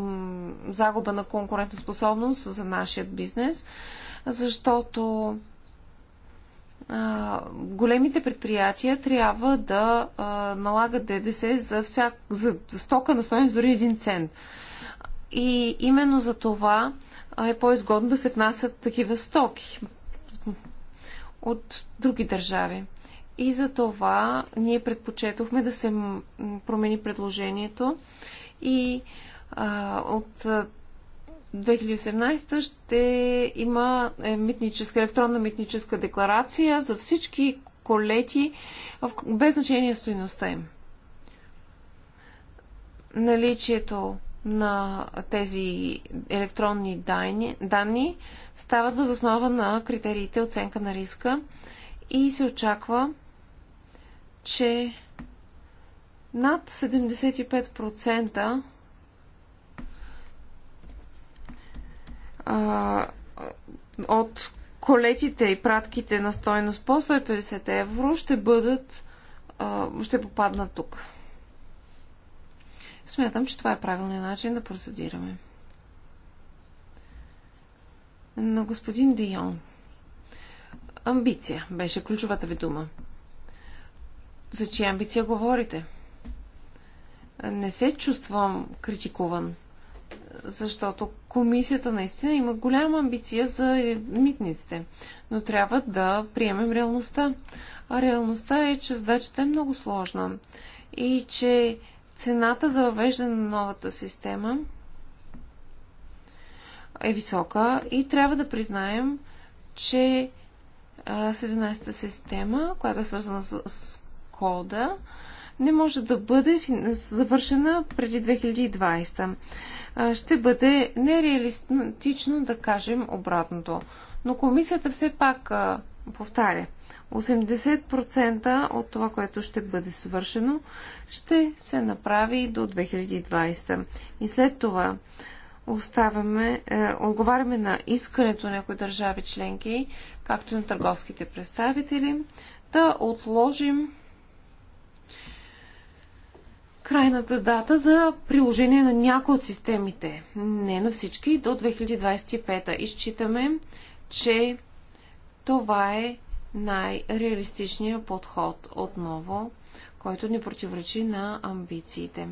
загуба на конкурентоспособност за нашия бизнес, защото големите предприятия трябва да а, налагат ДДС за, всяк, за стока на стоеност дори един цент. И именно за това е по-изгодно да се внасят такива стоки от други държави. И за това ние предпочетохме да се промени предложението и а, от 2018 ще има е, митническа, електронна митническа декларация за всички колети, без значение стоиността им. Наличието на тези електронни данни, данни стават възоснова на критериите оценка на риска и се очаква, че над 75% а, от колетите и пратките на стойност по 150 евро ще бъдат а, ще попаднат тук. Смятам, че това е правилният начин да процедираме. На господин Дион. Амбиция беше ключовата ви дума. За чия амбиция говорите? Не се чувствам критикуван защото комисията наистина има голяма амбиция за митниците, но трябва да приемем реалността. А реалността е, че задачата е много сложна и че цената за въвеждане на новата система е висока и трябва да признаем, че 17-та система, която е свързана с кода, не може да бъде завършена преди 2020 ще бъде нереалистично да кажем обратното. Но комисията все пак повтаря. 80% от това, което ще бъде свършено, ще се направи до 2020. И след това оставяме, е, отговаряме на искането на някои държави членки, както и на търговските представители, да отложим крайната дата за приложение на някои от системите, не на всички, до 2025. Изчитаме, че това е най-реалистичният подход отново, който ни противоречи на амбициите.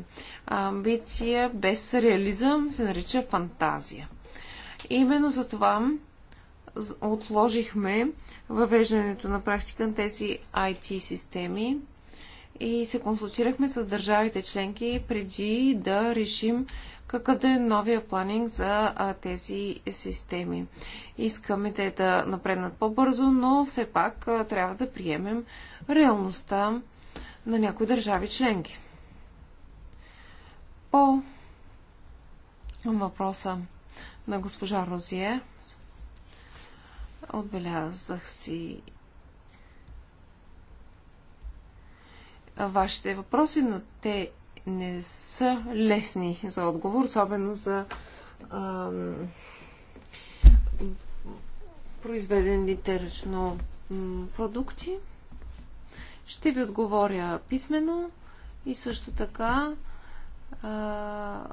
Амбиция без реализъм се нарича фантазия. Именно за това отложихме въвеждането на практика на тези IT системи, и се консултирахме с държавите членки преди да решим какъв да е новия планинг за а, тези системи. Искаме те да напреднат по-бързо, но все пак а, трябва да приемем реалността на някои държави членки. По въпроса на госпожа Розие отбелязах си вашите въпроси, но те не са лесни за отговор, особено за ам, произведените ръчно продукти. Ще ви отговоря писменно и също така а,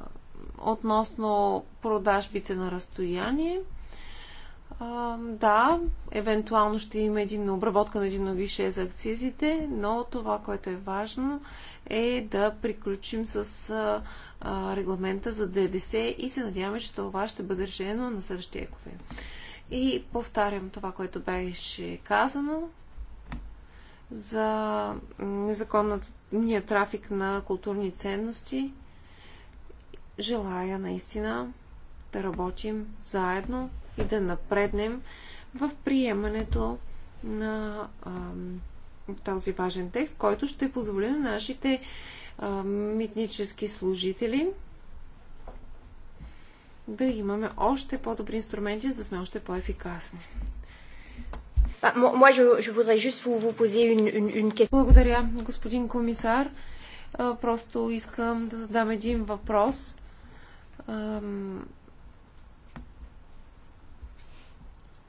относно продажбите на разстояние. А, да, евентуално ще има един обработка на един новише за акцизите, но това, което е важно, е да приключим с а, регламента за ДДС и се надяваме, че това ще бъде решено на следващия кофе. И повтарям това, което беше казано за незаконния трафик на културни ценности. Желая наистина да работим заедно и да напреднем в приемането на а, този важен текст, който ще позволи на нашите а, митнически служители да имаме още по-добри инструменти, за да сме още по-ефикасни. Благодаря, господин комисар. Просто искам да задам един въпрос.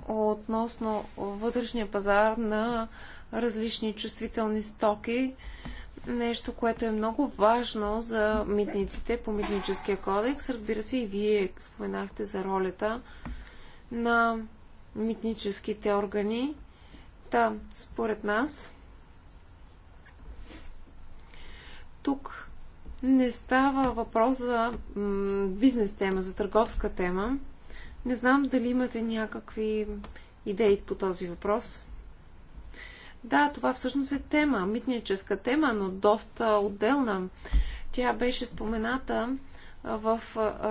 относно вътрешния пазар на различни чувствителни стоки. Нещо, което е много важно за митниците по митническия кодекс. Разбира се, и вие споменахте за ролята на митническите органи. Та, да, според нас, тук не става въпрос за бизнес тема, за търговска тема. Не знам дали имате някакви идеи по този въпрос. Да, това всъщност е тема, митническа тема, но доста отделна. Тя беше спомената в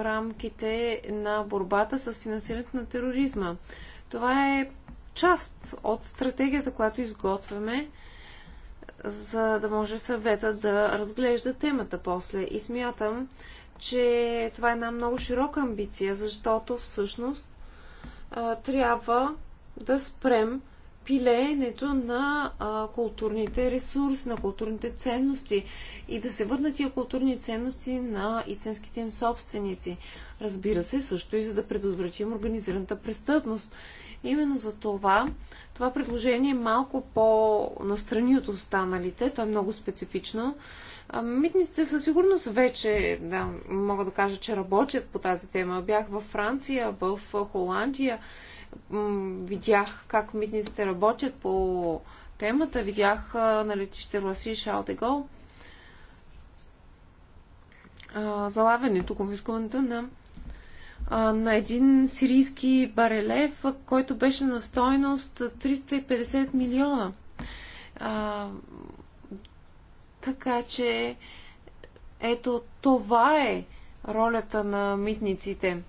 рамките на борбата с финансирането на тероризма. Това е част от стратегията, която изготвяме, за да може съвета да разглежда темата после. И смятам, че това е една много широка амбиция, защото всъщност трябва да спрем пилеенето на а, културните ресурси, на културните ценности и да се върнат тия културни ценности на истинските им собственици. Разбира се, също и за да предотвратим организираната престъпност. Именно за това това предложение е малко по-настрани от останалите. То е много специфично. Митниците със сигурност вече да, мога да кажа, че работят по тази тема. Бях във Франция, в Холандия, видях как митниците работят по темата, видях на летище Руаси Гол залавянето, конфискуването на, на един сирийски барелев, който беше на стойност 350 милиона. Така че ето това е ролята на митниците.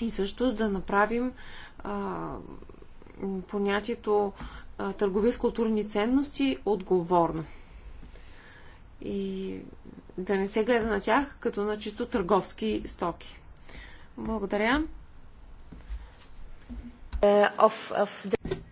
И също да направим а, понятието а, търговия с културни ценности отговорно. И да не се гледа на тях като на чисто търговски стоки. Благодаря. Uh, of, of the...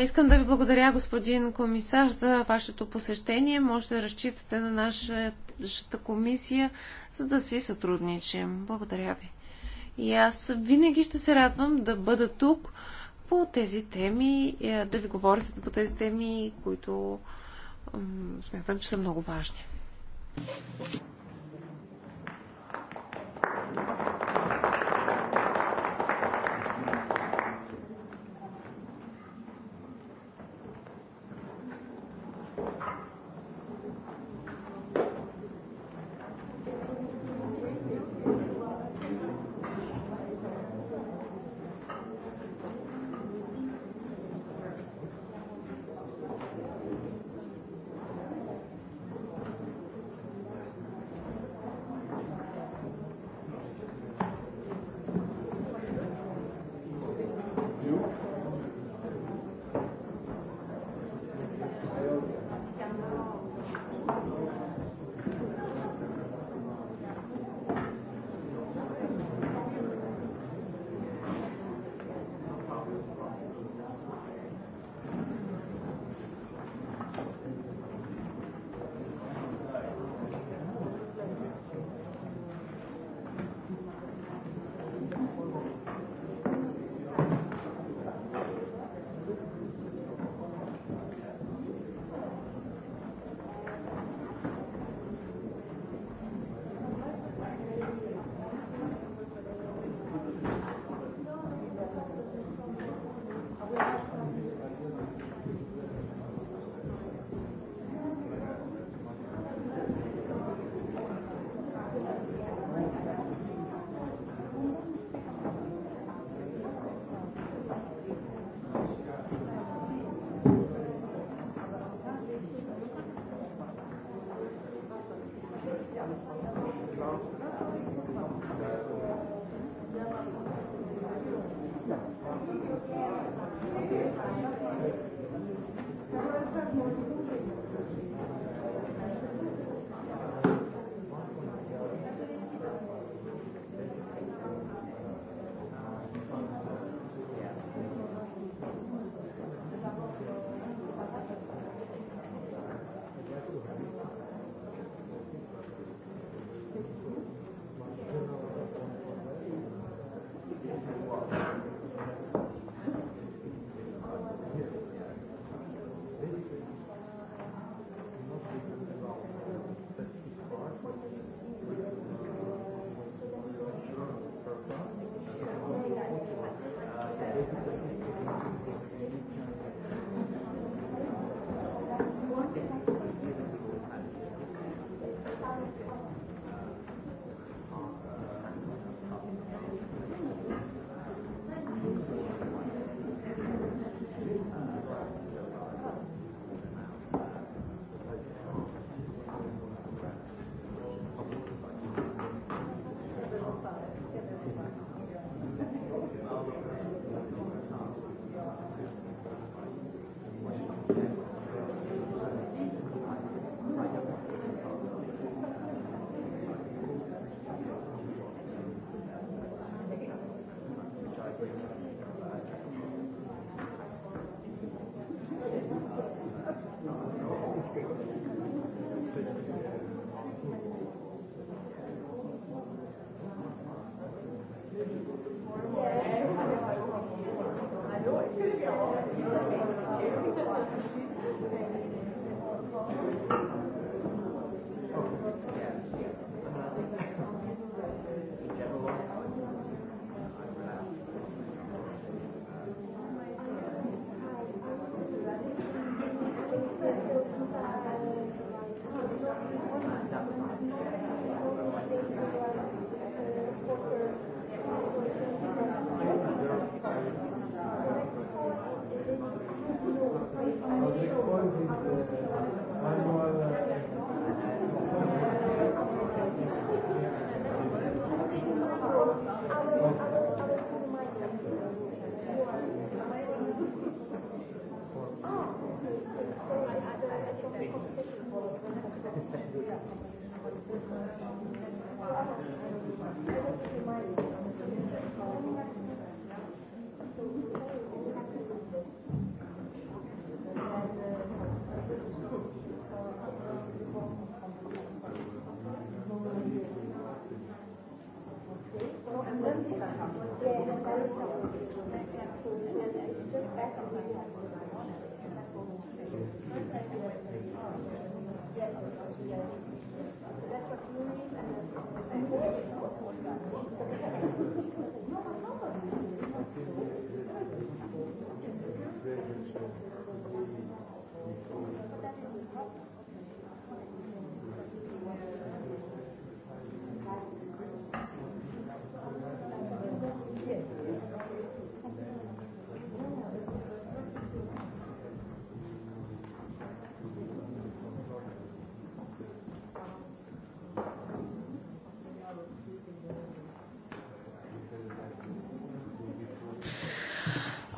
Искам да ви благодаря, господин комисар, за вашето посещение. Може да разчитате на нашата комисия, за да си сътрудничим. Благодаря ви. И аз винаги ще се радвам да бъда тук по тези теми, е, да ви говоря по тези теми, които смятам, че са много важни.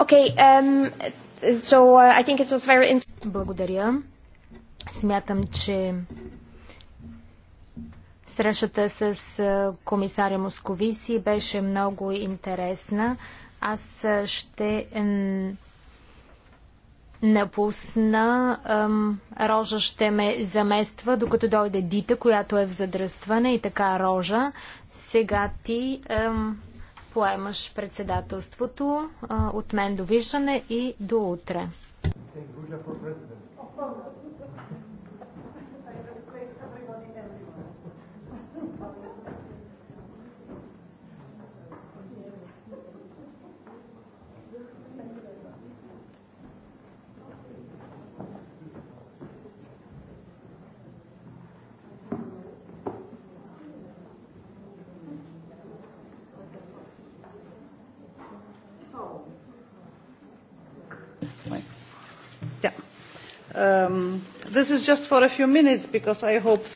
Okay, um, so uh, I think it was very Благодаря. Смятам, че срещата с комисаря Московиси беше много интересна. Аз ще напусна. Рожа ще ме замества, докато дойде Дита, която е в задръстване и така Рожа. Сега ти поемаш председателството. От мен довиждане и до утре. Um,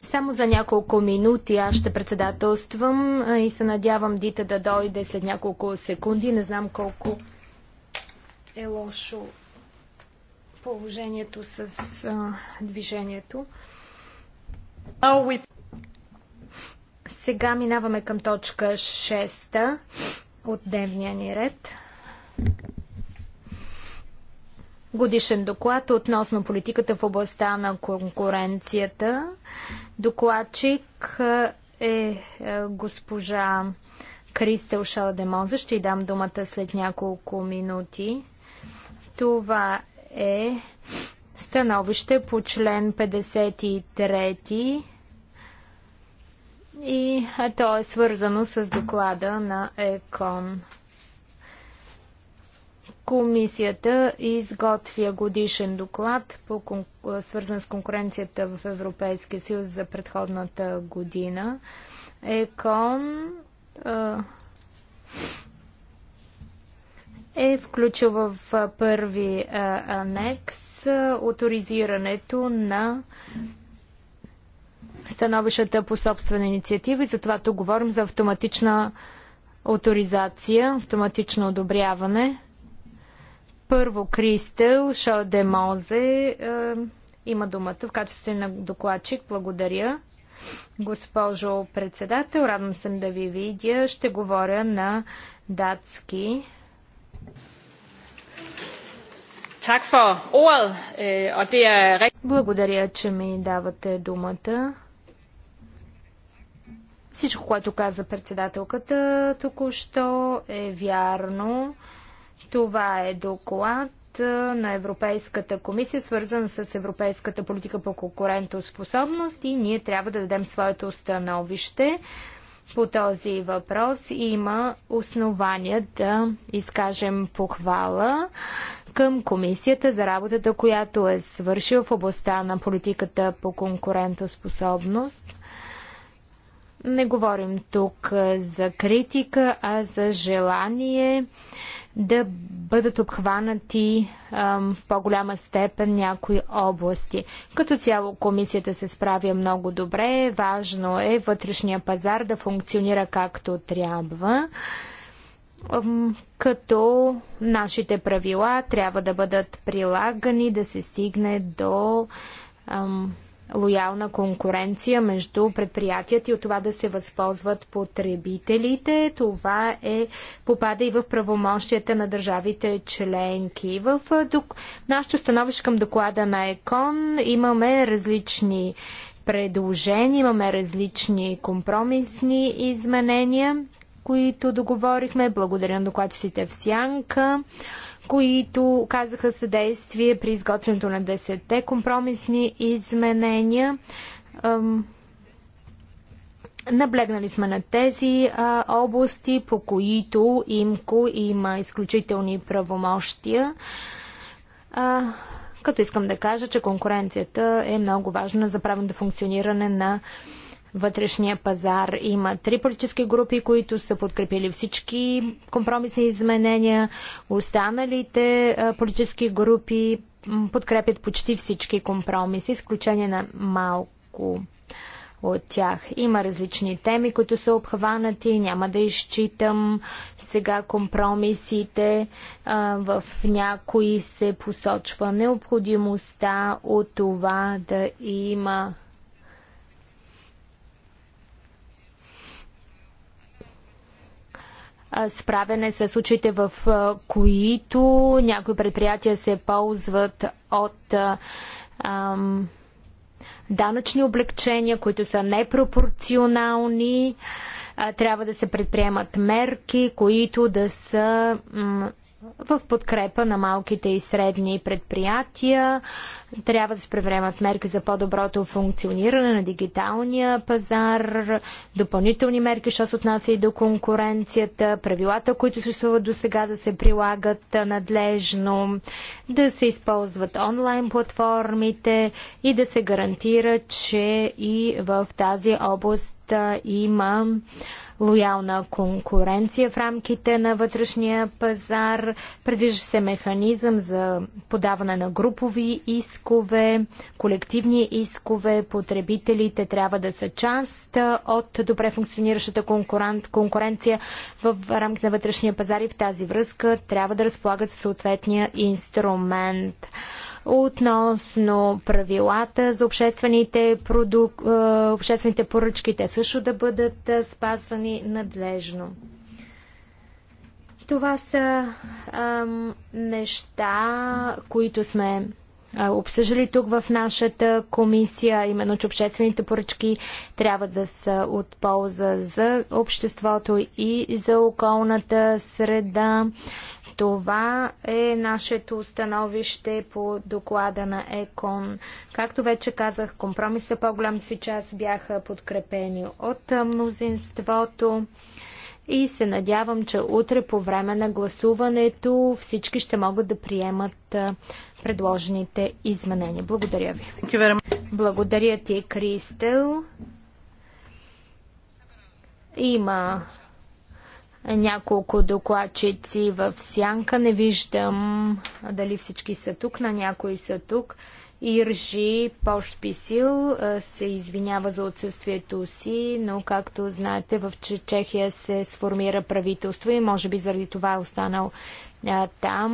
Само за няколко минути аз ще председателствам и се надявам Дита да дойде след няколко секунди. Не знам колко е лошо положението с а, движението. Сега минаваме към точка 6 от дневния ни ред. Годишен доклад относно политиката в областта на конкуренцията. Докладчик е, е госпожа Кристел Шаладемонза. Ще й дам думата след няколко минути. Това е становище по член 53 и то е свързано с доклада на ЕКОН. Комисията изготвя годишен доклад, по, свързан с конкуренцията в Европейския съюз за предходната година. ЕКОН е включил в първи анекс авторизирането на становищата по собствена инициатива и затова тук говорим за автоматична авторизация, автоматично одобряване. Първо Кристел Шодемозе е, има думата в качеството на докладчик. Благодаря. Госпожо председател, радвам се да ви видя. Ще говоря на датски. Øh, er Благодаря, че ми давате думата. Всичко, което каза председателката току-що е вярно. Това е доклад на Европейската комисия, свързан с европейската политика по конкурентоспособност и ние трябва да дадем своето становище по този въпрос. Има основания да изкажем похвала към комисията за работата, която е свършила в областта на политиката по конкурентоспособност. Не говорим тук за критика, а за желание да бъдат обхванати ам, в по-голяма степен някои области. Като цяло комисията се справя много добре. Важно е вътрешния пазар да функционира както трябва като нашите правила трябва да бъдат прилагани, да се стигне до ам, лоялна конкуренция между предприятията и от това да се възползват потребителите. Това е, попада и в правомощията на държавите членки. В док... нашето становище към доклада на ЕКОН имаме различни предложения, имаме различни компромисни изменения които договорихме. Благодаря на докладчиците в Сянка, които казаха съдействие при изготвянето на 10-те компромисни изменения. Наблегнали сме на тези а, области, по които ИМКО има изключителни правомощия. А, като искам да кажа, че конкуренцията е много важна за правилното функциониране на а, вътрешния пазар. Има три политически групи, които са подкрепили всички компромисни изменения. Останалите политически групи подкрепят почти всички компромиси, изключение на малко от тях. Има различни теми, които са обхванати. Няма да изчитам сега компромисите. В някои се посочва необходимостта от това да има справяне с случаите, в които някои предприятия се ползват от ам, данъчни облегчения, които са непропорционални. Трябва да се предприемат мерки, които да са в подкрепа на малките и средни предприятия. Трябва да се превремат мерки за по-доброто функциониране на дигиталния пазар, допълнителни мерки, що се отнася и до конкуренцията, правилата, които съществуват до сега да се прилагат надлежно, да се използват онлайн платформите и да се гарантира, че и в тази област има лоялна конкуренция в рамките на вътрешния пазар. Предвижда се механизъм за подаване на групови искове, колективни искове. Потребителите трябва да са част от добре функциониращата конкуренция в рамките на вътрешния пазар и в тази връзка трябва да разполагат съответния инструмент относно правилата за обществените, продук... Е, обществените поръчки, те също да бъдат е, спазвани изпълнени надлежно. Това са ам, неща, които сме обсъждали тук в нашата комисия, именно, че обществените поръчки трябва да са от полза за обществото и за околната среда. Това е нашето становище по доклада на ЕКОН. Както вече казах, компромиса по-голям си час бяха подкрепени от мнозинството и се надявам, че утре по време на гласуването всички ще могат да приемат предложените изменения. Благодаря ви. Благодаря ти, Кристел. Има няколко докладчици в сянка. Не виждам дали всички са тук, на някои са тук. Иржи Пошписил се извинява за отсъствието си, но както знаете в Чехия се сформира правителство и може би заради това е останал там.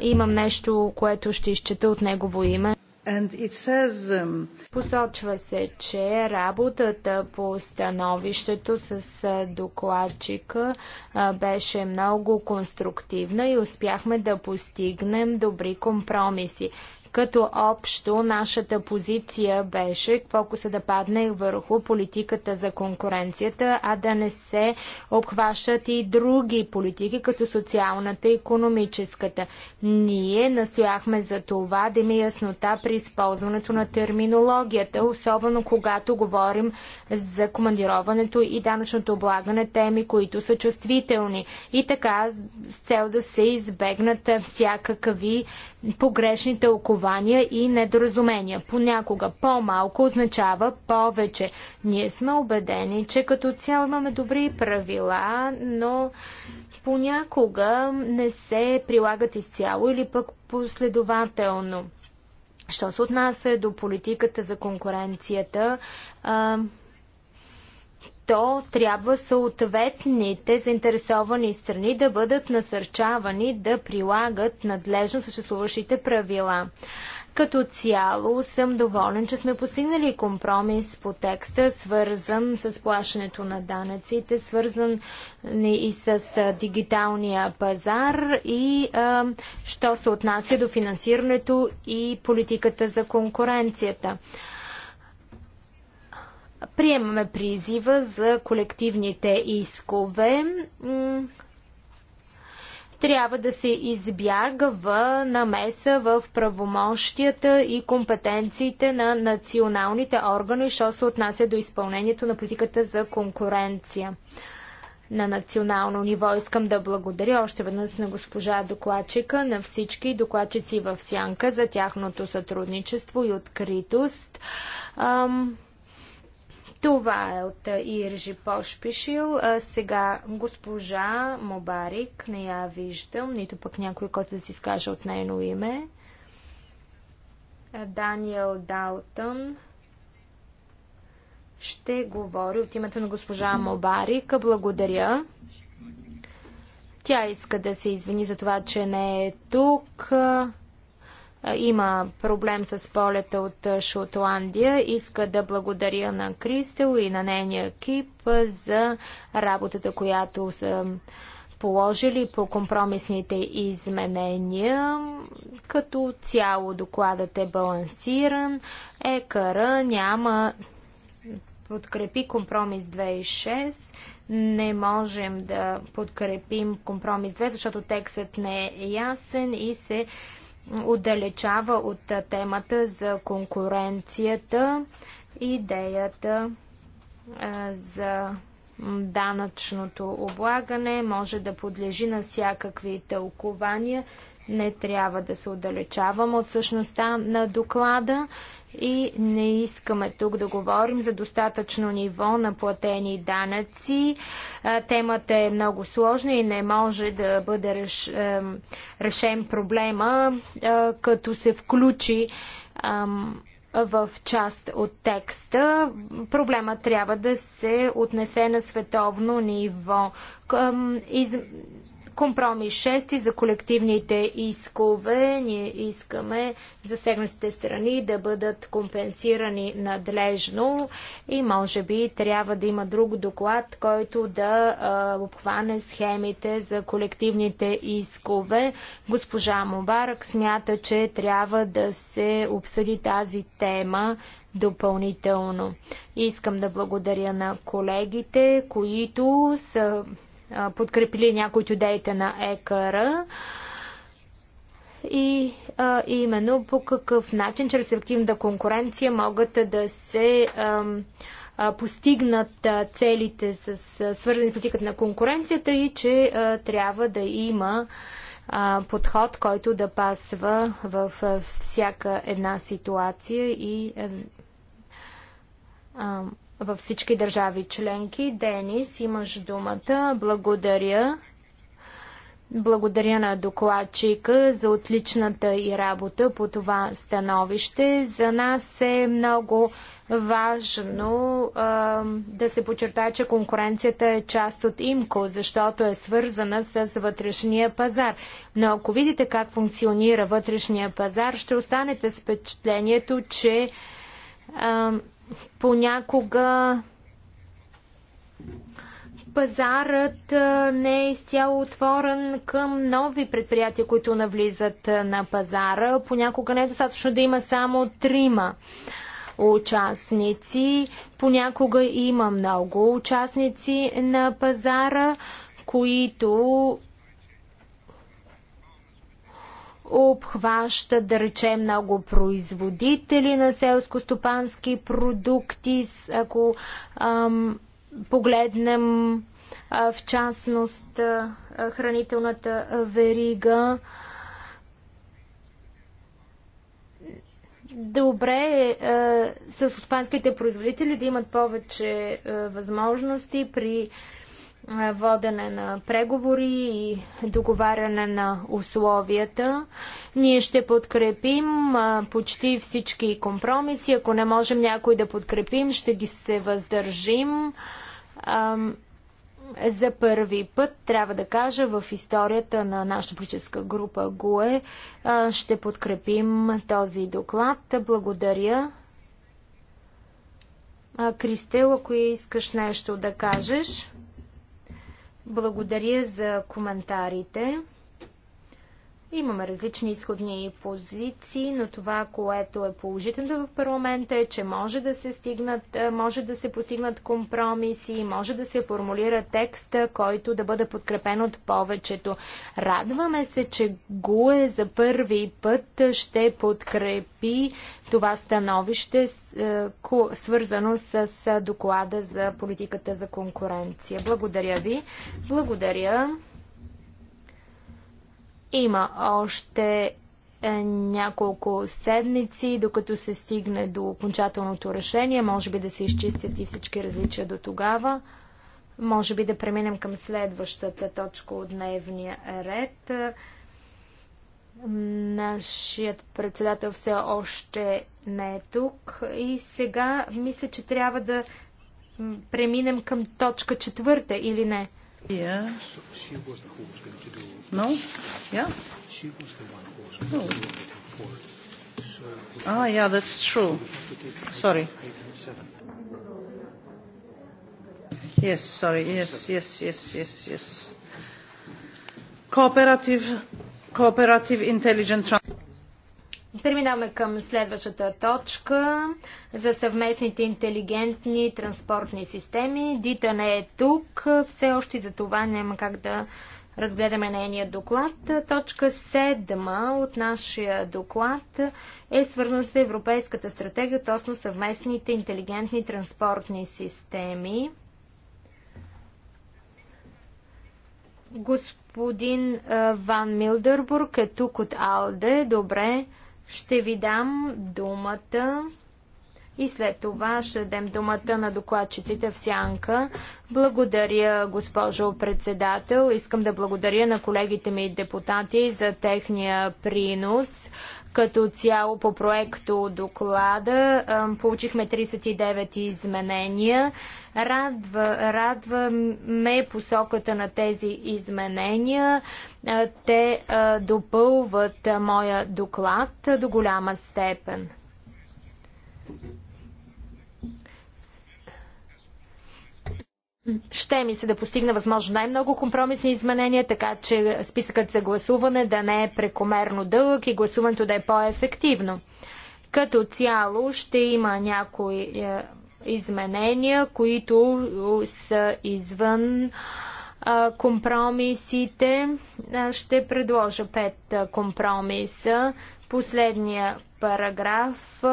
Имам нещо, което ще изчета от негово име. Um, Посочва се, че работата по становището с докладчика беше много конструктивна и успяхме да постигнем добри компромиси като общо нашата позиция беше фокуса да падне върху политиката за конкуренцията, а да не се обхващат и други политики, като социалната и економическата. Ние настояхме за това да има яснота при използването на терминологията, особено когато говорим за командироването и данъчното облагане, теми, които са чувствителни. И така, с цел да се избегнат всякакви погрешни тълкования тълкования и недоразумения. Понякога по-малко означава повече. Ние сме убедени, че като цяло имаме добри правила, но понякога не се прилагат изцяло или пък последователно. Що се отнася до политиката за конкуренцията, то трябва съответните заинтересовани страни да бъдат насърчавани да прилагат надлежно съществуващите правила. Като цяло съм доволен, че сме постигнали компромис по текста, свързан с плащането на данъците, свързан и с дигиталния пазар и а, що се отнася до финансирането и политиката за конкуренцията. Приемаме призива за колективните искове. Трябва да се избягва намеса в правомощията и компетенциите на националните органи, що се отнася до изпълнението на политиката за конкуренция на национално ниво. Искам да благодаря още веднъж на госпожа докладчика, на всички докладчици в Сянка за тяхното сътрудничество и откритост. Ам, това е от Иржи Пошпишил. А, сега госпожа Мобарик, не я виждам, нито пък някой, който да си изкаже от нейно име. Даниел Далтън ще говори от името на госпожа Мобарик. Благодаря. Тя иска да се извини за това, че не е тук има проблем с полета от Шотландия. Иска да благодаря на Кристел и на нейния екип за работата, която са положили по компромисните изменения. Като цяло докладът е балансиран. ЕКР няма подкрепи компромис 26. Не можем да подкрепим компромис 2, защото текстът не е ясен и се отдалечава от темата за конкуренцията, идеята за данъчното облагане може да подлежи на всякакви тълкования. Не трябва да се отдалечаваме от същността на доклада и не искаме тук да говорим за достатъчно ниво на платени данъци. Темата е много сложна и не може да бъде реш, решен проблема, като се включи в част от текста. Проблема трябва да се отнесе на световно ниво. Компромис 6 за колективните искове. Ние искаме засегнатите страни да бъдат компенсирани надлежно и може би трябва да има друг доклад, който да а, обхване схемите за колективните искове. Госпожа Мобарък смята, че трябва да се обсъди тази тема допълнително. Искам да благодаря на колегите, които са подкрепили някои от идеите на ЕКР и а, именно по какъв начин чрез ефективната конкуренция могат да се а, а, постигнат а, целите с, а, свързани с политиката на конкуренцията и че а, трябва да има а, подход, който да пасва в в всяка една ситуация и а, а, във всички държави членки. Денис, имаш думата. Благодаря. Благодаря на докладчика за отличната и работа по това становище. За нас е много важно а, да се подчертае, че конкуренцията е част от ИМКО, защото е свързана с вътрешния пазар. Но ако видите как функционира вътрешния пазар, ще останете с впечатлението, че а, Понякога пазарът не е изцяло отворен към нови предприятия, които навлизат на пазара. Понякога не е достатъчно да има само трима участници. Понякога има много участници на пазара, които обхваща, да речем, много производители на селско-стопански продукти, ако ам, погледнем а, в частност а, хранителната верига. Добре е селскостопанските производители да имат повече а, възможности при водене на преговори и договаряне на условията. Ние ще подкрепим почти всички компромиси. Ако не можем някой да подкрепим, ще ги се въздържим. За първи път, трябва да кажа, в историята на нашата политическа група ГУЕ ще подкрепим този доклад. Благодаря. Кристел, ако искаш нещо да кажеш. Благодаря за коментарите. Имаме различни изходни позиции, но това, което е положително в парламента е, че може да се, стигнат, е, може да се постигнат компромиси, може да се формулира текст, който да бъде подкрепен от повечето. Радваме се, че ГУЕ за първи път ще подкрепи това становище, е, свързано с доклада за политиката за конкуренция. Благодаря ви. Благодаря. Има още е, няколко седмици, докато се стигне до окончателното решение. Може би да се изчистят и всички различия до тогава. Може би да преминем към следващата точка от дневния ред. Нашият председател все още не е тук. И сега мисля, че трябва да преминем към точка четвърта или не. Yeah. No? Yeah? She was the one who was nominated for. Ah, yeah, that's true. Sorry. Yes, sorry. Yes, yes, yes, yes, yes. Cooperative, cooperative intelligent Преминаваме към следващата точка за съвместните интелигентни транспортни системи. Дита не е тук, все още за това няма как да разгледаме нейния доклад. Точка 7 от нашия доклад е свързан с Европейската стратегия относно съвместните интелигентни транспортни системи. Господин Ван Милдърбург е тук от Алде. Добре, ще ви дам думата. И след това ще дадем думата на докладчиците в сянка. Благодаря, госпожо председател. Искам да благодаря на колегите ми депутати за техния принос. Като цяло по проекто доклада получихме 39 изменения. Радва, радва ме посоката на тези изменения. Те допълват моя доклад до голяма степен. Ще ми се да постигна възможно най-много компромисни изменения, така че списъкът за гласуване да не е прекомерно дълъг и гласуването да е по-ефективно. Като цяло ще има някои е, изменения, които са извън е, компромисите. Е, ще предложа пет компромиса. Последния параграф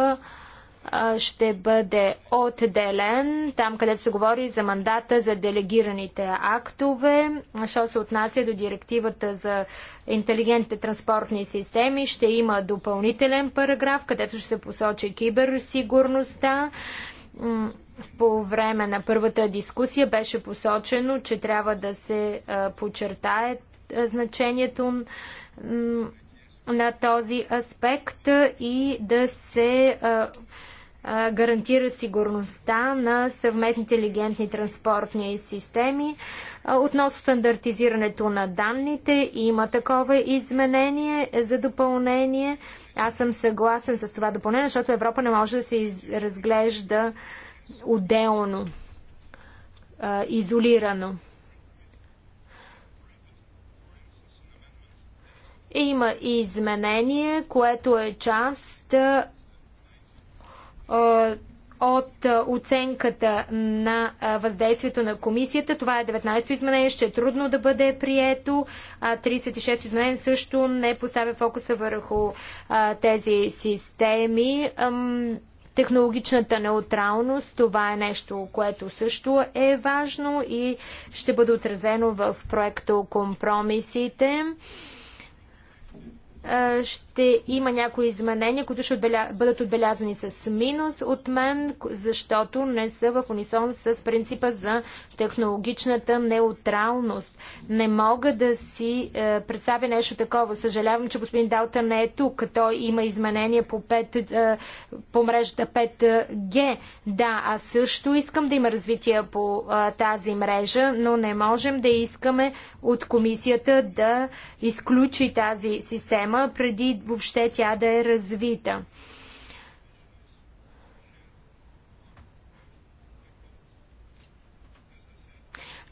ще бъде отделен там, където се говори за мандата за делегираните актове, що се отнася до директивата за интелигентните транспортни системи. Ще има допълнителен параграф, където ще се посочи киберсигурността. По време на първата дискусия беше посочено, че трябва да се подчертае значението на този аспект и да се гарантира сигурността на съвместните интелигентни транспортни системи. Относно стандартизирането на данните, има такова изменение за допълнение. Аз съм съгласен с това допълнение, защото Европа не може да се разглежда отделно, изолирано. Има и изменение, което е част а, от оценката на въздействието на комисията. Това е 19-то изменение, ще е трудно да бъде прието. 36-то изменение също не поставя фокуса върху а, тези системи. Ам, технологичната неутралност, това е нещо, което също е важно и ще бъде отразено в проекта компромисите. Е, ще има някои изменения, които ще отбеля... бъдат отбелязани с минус от мен, защото не са в унисон с принципа за технологичната неутралност. Не мога да си е, представя нещо такова. Съжалявам, че господин Далта не е тук. Той има изменения по, 5, е, по мрежата 5G. Да, аз също искам да има развитие по е, тази мрежа, но не можем да искаме от комисията да изключи тази система система, преди въобще тя да е развита.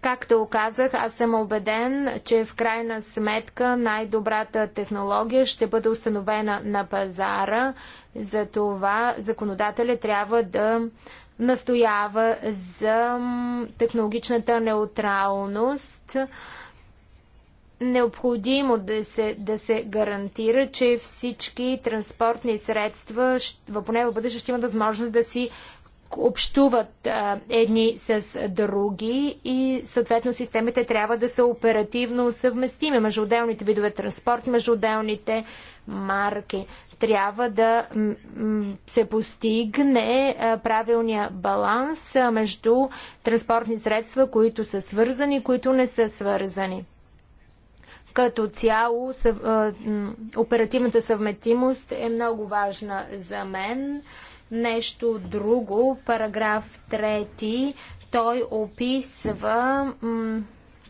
Както казах, аз съм убеден, че в крайна сметка най-добрата технология ще бъде установена на пазара. За това законодателя трябва да настоява за технологичната неутралност необходимо да се, да се гарантира, че всички транспортни средства в поне в бъдеще ще имат възможност да си общуват а, едни с други и съответно системите трябва да са оперативно съвместими между отделните видове транспорт, между отделните марки. Трябва да се постигне а, правилния баланс а, между транспортни средства, които са свързани, които не са свързани. Като цяло съв, оперативната съвметимост е много важна за мен. Нещо друго, параграф 3, той описва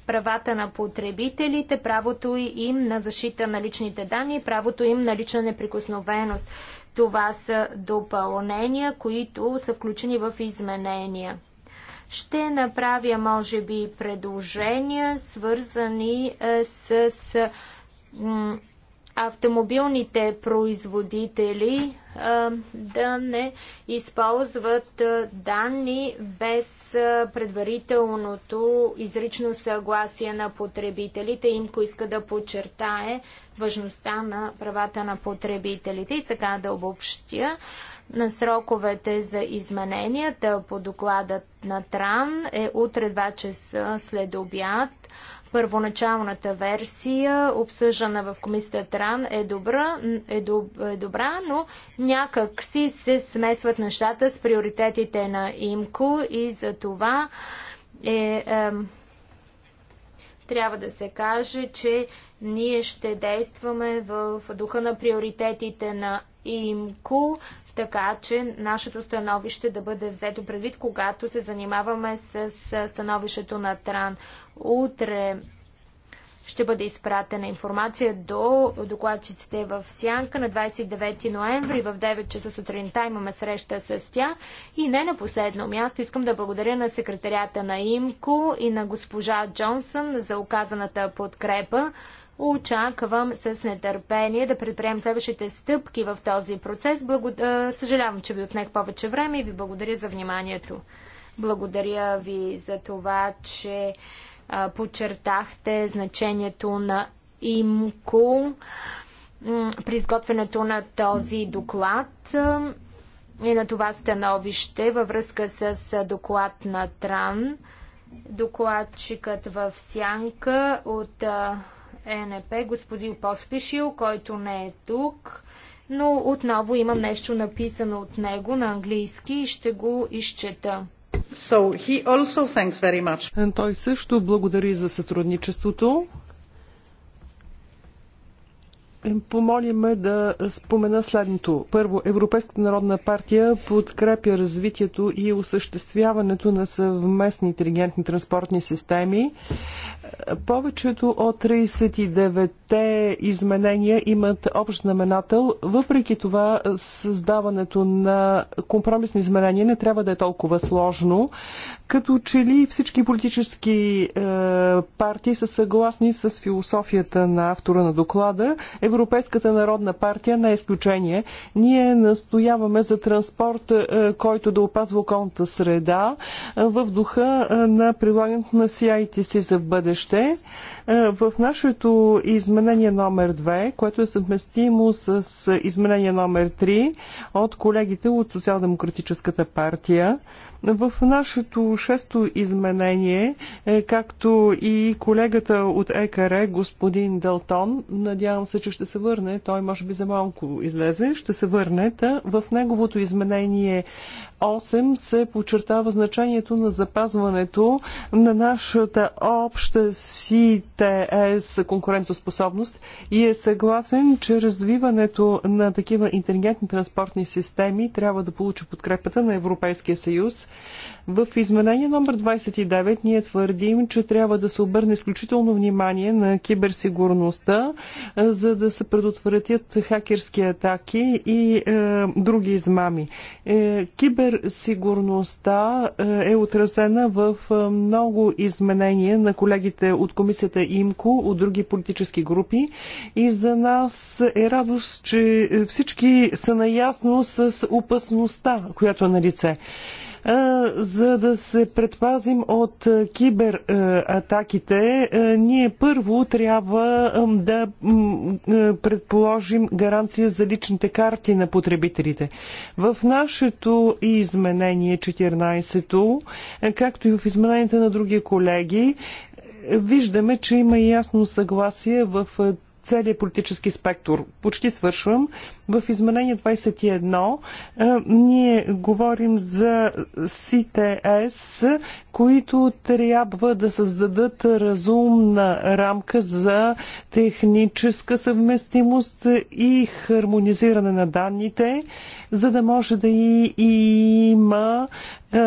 правата на потребителите, правото им на защита на личните данни, правото им на лична неприкосновеност. Това са допълнения, които са включени в изменения. Ще направя, може би, предложения, свързани е, с, автомобилните производители е, да не използват е, данни без предварителното изрично съгласие на потребителите. Имко иска да подчертае важността на правата на потребителите и така да обобщя на сроковете за измененията по докладът на Тран е утре 2 часа след обяд. Първоначалната версия, обсъждана в комисията Тран, е добра, е, доб, е добра, но някак си се смесват нещата с приоритетите на ИМКО и за това е, е, трябва да се каже, че ние ще действаме в духа на приоритетите на ИМКО, така че нашето становище да бъде взето предвид, когато се занимаваме с становището на Тран. Утре ще бъде изпратена информация до докладчиците в Сянка на 29 ноември в 9 часа сутринта имаме среща с тях. И не на последно място искам да благодаря на секретарята на ИМКО и на госпожа Джонсън за оказаната подкрепа. Очаквам с нетърпение да предприем следващите стъпки в този процес. Благо... Съжалявам, че ви отнех повече време и ви благодаря за вниманието. Благодаря ви за това, че подчертахте значението на ИМКО при изготвянето на този доклад и на това становище във връзка с доклад на ТРАН. Докладчикът в Сянка от ЕНП, господин Поспишил, който не е тук, но отново имам нещо написано от него на английски и ще го изчета. So he also thanks very much. Е, той също благодари за сътрудничеството. Е, Помоли ме да спомена следното. Първо, Европейската народна партия подкрепя развитието и осъществяването на съвместни интелигентни транспортни системи. Повечето от 39-те изменения имат общ знаменател. Въпреки това, създаването на компромисни изменения не трябва да е толкова сложно, като че ли всички политически е, партии са съгласни с философията на автора на доклада. Европейската народна партия не е изключение. Ние настояваме за транспорт, е, който да опазва околната среда е, в духа е, на прилагането на CITC за бъдеще бъдеще. Е, в нашето изменение номер 2, което е съвместимо с изменение номер 3 от колегите от Социал-демократическата партия, в нашето шесто изменение, е, както и колегата от ЕКР, господин Далтон, надявам се, че ще се върне, той може би за малко излезе, ще се върне, в неговото изменение 8 се подчертава значението на запазването на нашата обща СИТС конкурентоспособност и е съгласен, че развиването на такива интелигентни транспортни системи трябва да получи подкрепата на Европейския съюз в изменение номер 29 ние твърдим, че трябва да се обърне изключително внимание на киберсигурността, за да се предотвратят хакерски атаки и е, други измами. Е, киберсигурността е, е отразена в е, много изменения на колегите от комисията ИМКО, от други политически групи и за нас е радост, че всички са наясно с опасността, която е на лице за да се предпазим от кибератаките, ние първо трябва да предположим гаранция за личните карти на потребителите. В нашето изменение 14-то, както и в измененията на други колеги, виждаме, че има ясно съгласие в целият политически спектър. Почти свършвам. В изменение 21 е, ние говорим за CTS, които трябва да създадат разумна рамка за техническа съвместимост и хармонизиране на данните, за да може да и, и има е,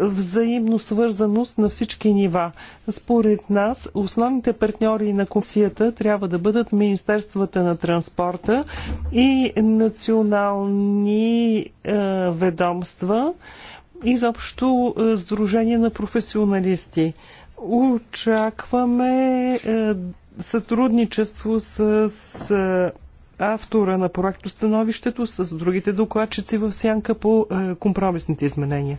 взаимно свързаност на всички нива. Според нас, основните партньори на комисията трябва да бъдат Министерствата на транспорта и национални е, ведомства, изобщо е, Сдружение на професионалисти. Очакваме е, сътрудничество с, с автора на проектостановището, с другите докладчици в сянка по компромисните изменения.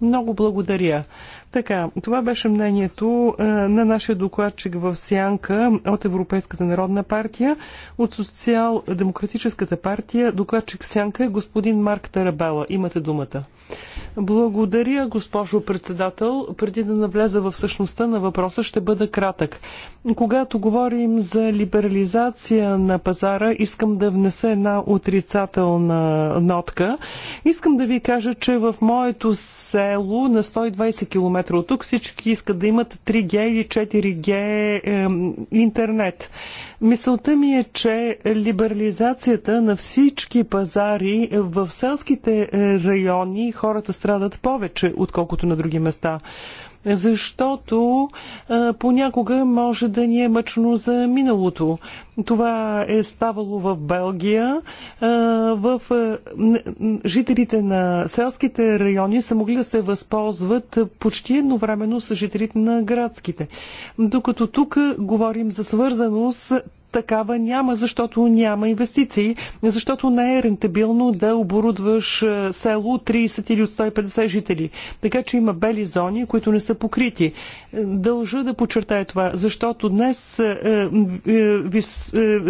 Много благодаря. Така, това беше мнението е, на нашия докладчик в Сянка от Европейската народна партия, от Социал-демократическата партия. Докладчик Сянка е господин Марк Тарабела. Имате думата. Благодаря, госпожо председател. Преди да навляза в същността на въпроса, ще бъда кратък. Когато говорим за либерализация на пазара, искам да внеса една отрицателна нотка. Искам да ви кажа, че в моето се село на 120 км от тук всички искат да имат 3G или 4G е, интернет. Мисълта ми е, че либерализацията на всички пазари в селските е, райони хората страдат повече, отколкото на други места защото понякога може да ни е мъчно за миналото. Това е ставало в Белгия. В жителите на селските райони са могли да се възползват почти едновременно с жителите на градските. Докато тук говорим за свързаност, такава няма, защото няма инвестиции, защото не е рентабилно да оборудваш е, село 30 или от 150 жители. Така че има бели зони, които не са покрити. Е, дължа да подчертая това, защото днес е, е, е вис, е,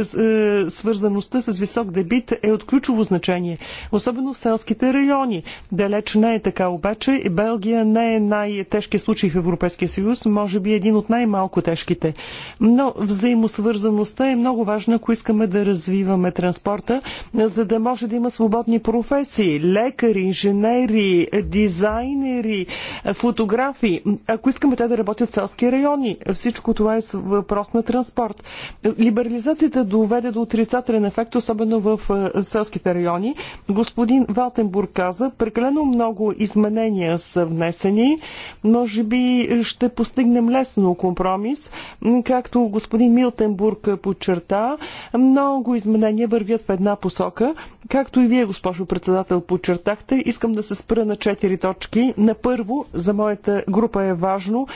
свързаността с висок дебит е от ключово значение, особено в селските райони. Далеч не е така, обаче Белгия не е най-тежкият случай в Европейския съюз, може би един от най-малко тежките. Но взаимосвързаността е много важно, ако искаме да развиваме транспорта, за да може да има свободни професии. Лекари, инженери, дизайнери, фотографи. Ако искаме те да работят в селски райони, всичко това е въпрос на транспорт. Либерализацията доведе до отрицателен ефект, особено в е, селските райони. Господин Валтенбург каза, прекалено много изменения са внесени. Може би ще постигнем лесно компромис. Както господин Милтенбург подчерта, много изменения вървят в една посока. Както и вие, госпожо председател, подчертахте, искам да се спра на четири точки. На първо, за моята група е важно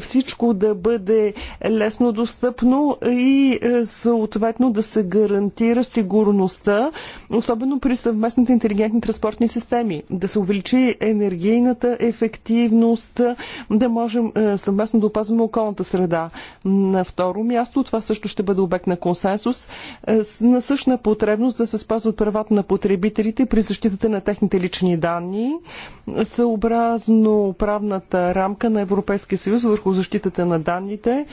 всичко да бъде лесно достъпно и съответно да се гарантира сигурността, особено при съвместните интелигентни транспортни системи. Да се увеличи енергийната ефективност, да можем съвместно да опазваме околната среда. На второ място, това също ще бъде обект на консенсус, е, на същна потребност да се спазват правата на потребителите при защитата на техните лични данни, съобразно правната рамка на Европейския съюз върху защитата на данните.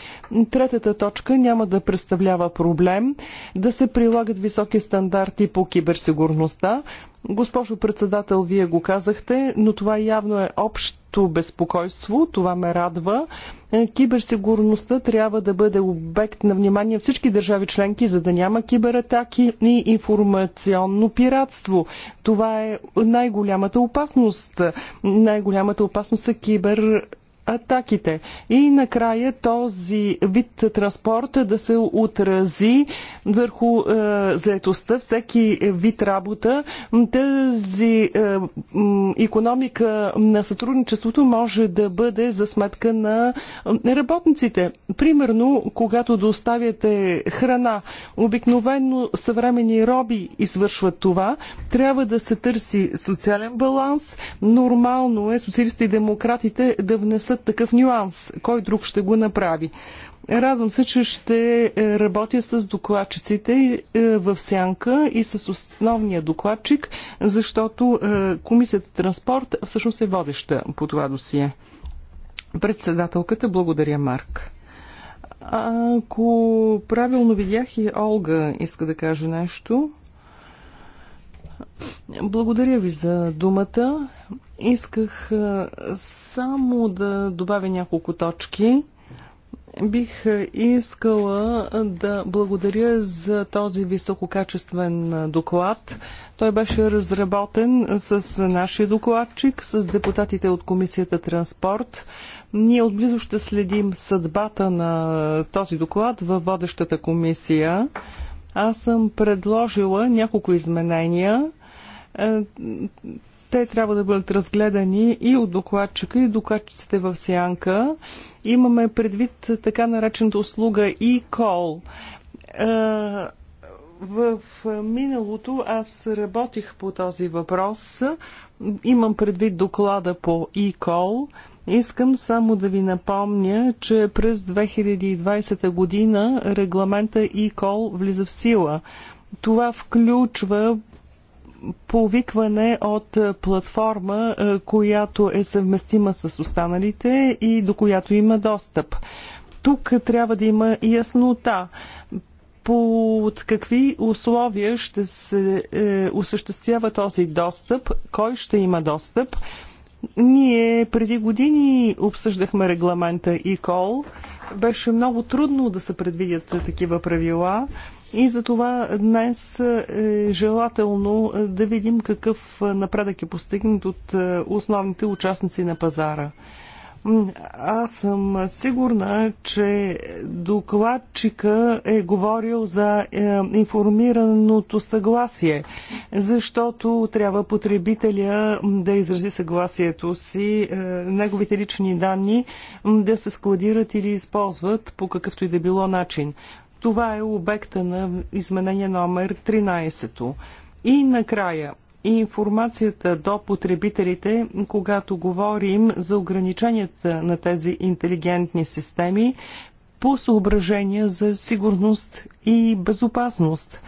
Третата точка няма да представлява проблем да се прилагат високи стандарти по киберсигурността. Госпожо председател, вие го казахте, но това явно е общо безпокойство, това ме радва. Е, киберсигурността трябва да бъде обект на внимание всички държави членки, за да няма кибератаки и информационно пиратство. Това е най-голямата опасност. Най-голямата опасност са кибер атаките. И накрая този вид транспорта да се отрази върху е, заетостта, всеки вид работа. Тази е, економика на сътрудничеството може да бъде за сметка на е, работниците. Примерно, когато доставяте храна, обикновено съвремени роби извършват това. Трябва да се търси социален баланс. Нормално е социалистите и демократите да внесат дадат такъв нюанс. Кой друг ще го направи? Радвам се, че ще е, работя с докладчиците е, в сянка и с основния докладчик, защото е, комисията транспорт всъщност е водеща по това досие. Председателката, благодаря, Марк. Ако правилно видях и Олга иска да каже нещо. Благодаря ви за думата. Исках само да добавя няколко точки. Бих искала да благодаря за този висококачествен доклад. Той беше разработен с нашия докладчик, с депутатите от Комисията Транспорт. Ние отблизо ще следим съдбата на този доклад във водещата комисия. Аз съм предложила няколко изменения те трябва да бъдат разгледани и от докладчика, и докладчиците в Сянка. Имаме предвид така наречената услуга e-call. Е, в миналото аз работих по този въпрос. Имам предвид доклада по e-call. Искам само да ви напомня, че през 2020 година регламента e-call влиза в сила. Това включва повикване от е, платформа, е, която е съвместима с останалите и до която има достъп. Тук трябва да има яснота под какви условия ще се е, осъществява този достъп, кой ще има достъп. Ние преди години обсъждахме регламента ИКОЛ. Беше много трудно да се предвидят такива правила. И за това днес е желателно е, да видим какъв е, напредък е постигнат от е, основните участници на пазара. Аз съм сигурна, че докладчика е говорил за информираното съгласие, защото трябва потребителя да изрази съгласието си, неговите лични данни да се складират или използват по какъвто и да било начин. Това е обекта на изменение номер 13. И накрая, информацията до потребителите, когато говорим за ограниченията на тези интелигентни системи по съображения за сигурност и безопасност